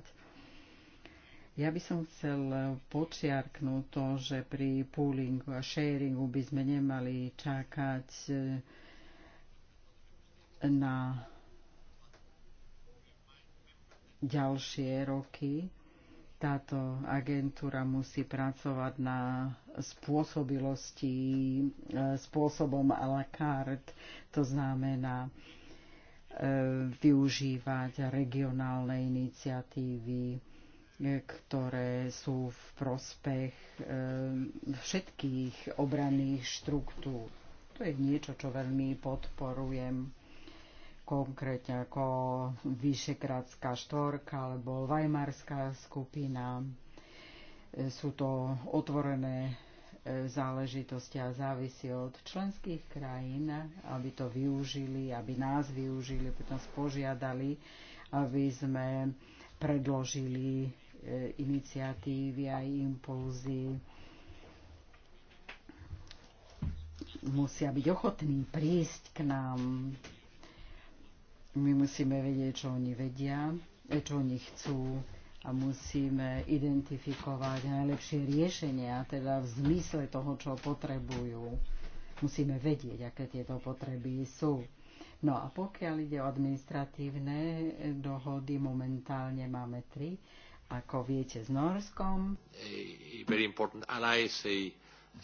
Ja by som chcel počiarknúť to, že pri poolingu a sharingu by sme nemali čakať eh, na ďalšie roky, táto agentúra musí pracovať na spôsobilosti e, spôsobom à la carte, to znamená e, využívať regionálne iniciatívy, e, ktoré sú v prospech všetkých obranných štruktúr. To je niečo, čo veľmi podporujem konkrétne ako Vyšekradská štvorka alebo Weimarská skupina. E, sú to otvorené e, záležitosti a závisí od členských krajín, aby to využili, aby nás využili, potom spožiadali, aby sme predložili e, iniciatívy a impulzy. Musia byť ochotní prísť k nám, my musíme vedieť, čo oni vedia, čo oni chcú a musíme identifikovať najlepšie riešenia, teda v zmysle toho, čo potrebujú. Musíme vedieť, aké tieto potreby sú. No a pokiaľ ide o administratívne dohody, momentálne máme tri, ako viete, s Norskom. very important allies,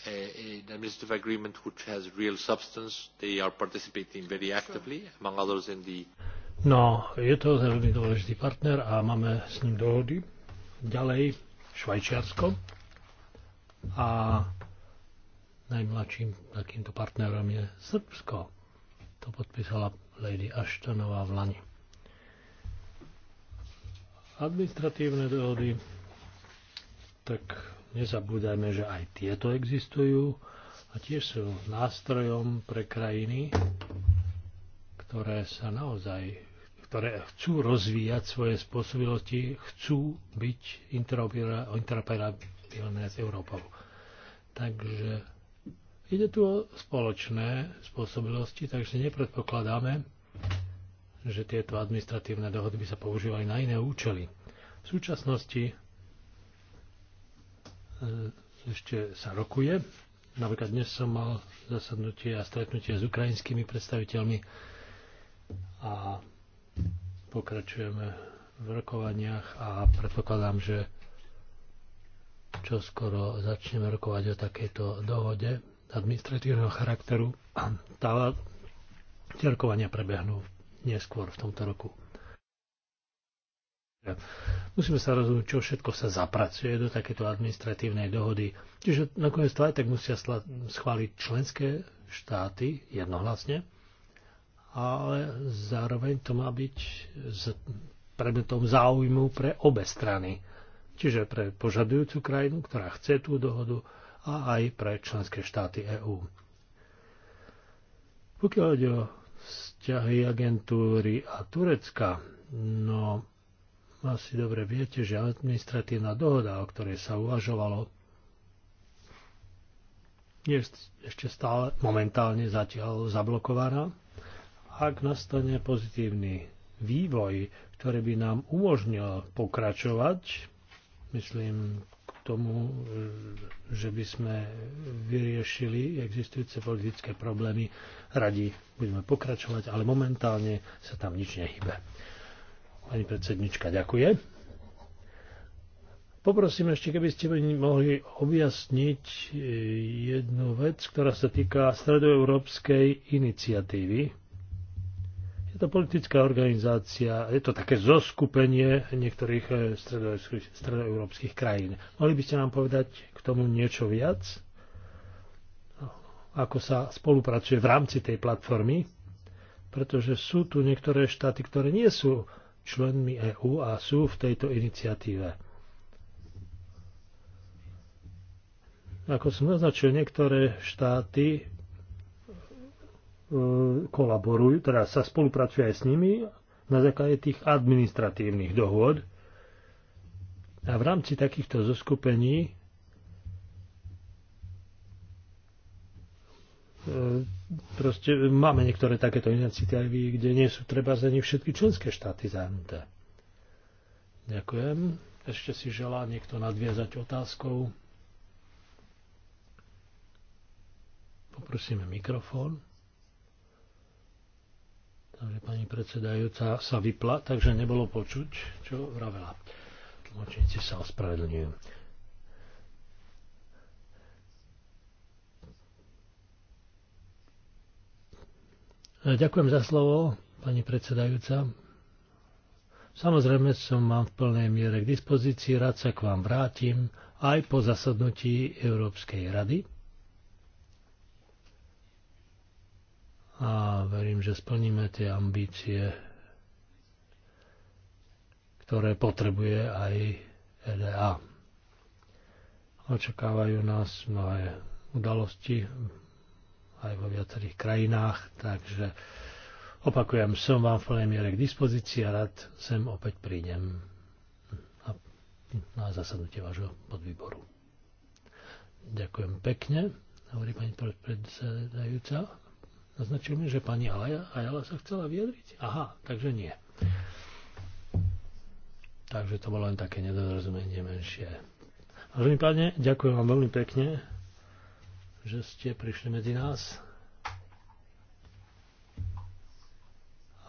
an uh, administrative agreement which has real substance. They are participating very actively, among others in the... No, je to veľmi dôležitý partner a máme s ním dohody. Ďalej Švajčiarsko a najmladším takýmto partnerom je Srbsko. To podpísala Lady Ashtonová v Lani. Administratívne dohody, tak nezabúdajme, že aj tieto existujú a tiež sú nástrojom pre krajiny, ktoré sa naozaj ktoré chcú rozvíjať svoje spôsobilosti, chcú byť interoperabilné s Európou. Takže ide tu o spoločné spôsobilosti, takže nepredpokladáme, že tieto administratívne dohody by sa používali na iné účely. V súčasnosti E, ešte sa rokuje. Napríklad dnes som mal zasadnutie a stretnutie s ukrajinskými predstaviteľmi a pokračujeme v rokovaniach a predpokladám, že čo skoro začneme rokovať o takejto dohode administratívneho charakteru. Tá, tie rokovania prebehnú neskôr v tomto roku. Musíme sa rozhodnúť, čo všetko sa zapracuje do takéto administratívnej dohody. Čiže nakoniec to aj tak musia schváliť členské štáty jednohlasne, ale zároveň to má byť predmetom záujmu pre obe strany. Čiže pre požadujúcu krajinu, ktorá chce tú dohodu, a aj pre členské štáty EÚ. Pokiaľ ide o vzťahy agentúry a Turecka, no asi dobre viete, že administratívna dohoda, o ktorej sa uvažovalo, je ešte stále momentálne zatiaľ zablokovaná. Ak nastane pozitívny vývoj, ktorý by nám umožnil pokračovať, myslím k tomu, že by sme vyriešili existujúce politické problémy, radi budeme pokračovať, ale momentálne sa tam nič nehybe. Pani predsednička, ďakujem. Poprosím ešte, keby ste mi mohli objasniť eh, jednu vec, ktorá sa týka stredoeurópskej iniciatívy. Je to politická organizácia, je to také zoskupenie niektorých eh, stredoeurópskych krajín. Mohli by ste nám povedať k tomu niečo viac? No, ako sa spolupracuje v rámci tej platformy? Pretože sú tu niektoré štáty, ktoré nie sú členmi EÚ a sú v tejto iniciatíve. Ako som naznačil, niektoré štáty e, kolaborujú, teda sa spolupracuje aj s nimi na základe tých administratívnych dohôd. A v rámci takýchto zoskupení E, proste máme niektoré takéto iniciatívy, kde nie sú treba za nich všetky členské štáty zahrnuté. Ďakujem. Ešte si želá niekto nadviazať otázkou. Poprosíme mikrofón. Takže pani predsedajúca sa vypla, takže nebolo počuť, čo vravela. Tlmočníci sa ospravedlňujú. Ďakujem za slovo, pani predsedajúca. Samozrejme som vám v plnej miere k dispozícii, rád sa k vám vrátim aj po zasadnutí Európskej rady. A verím, že splníme tie ambície, ktoré potrebuje aj EDA. Očakávajú nás mnohé udalosti aj vo viacerých krajinách, takže opakujem, som vám v plnej miere k dispozícii a rád sem opäť prídem na, na zasadnutie vášho podvýboru. Ďakujem pekne, hovorí pani predsedajúca. Naznačil mi, že pani Alaja Ajala sa chcela vyjadriť? Aha, takže nie. Takže to bolo len také nedorozumenie menšie. Vážený páne, ďakujem vám veľmi pekne že ste prišli medzi nás.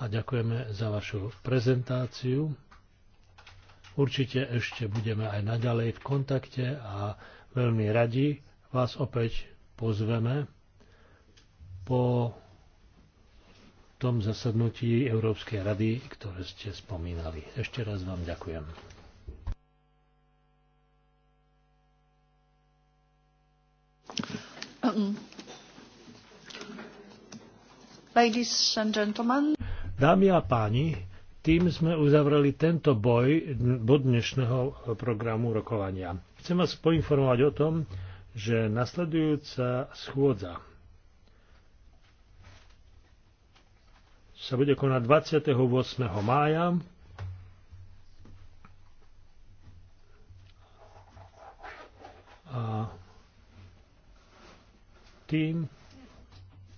A ďakujeme za vašu prezentáciu. Určite ešte budeme aj naďalej v kontakte a veľmi radi vás opäť pozveme po tom zasadnutí Európskej rady, ktoré ste spomínali. Ešte raz vám ďakujem. Thank you. Dámy a páni, tým sme uzavreli tento boj bod dnešného programu rokovania. Chcem vás poinformovať o tom, že nasledujúca schôdza sa bude konať 28. mája a tým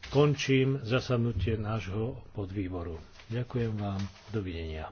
končím zasadnutie nášho podvýboru. Ďakujem vám. Dovidenia.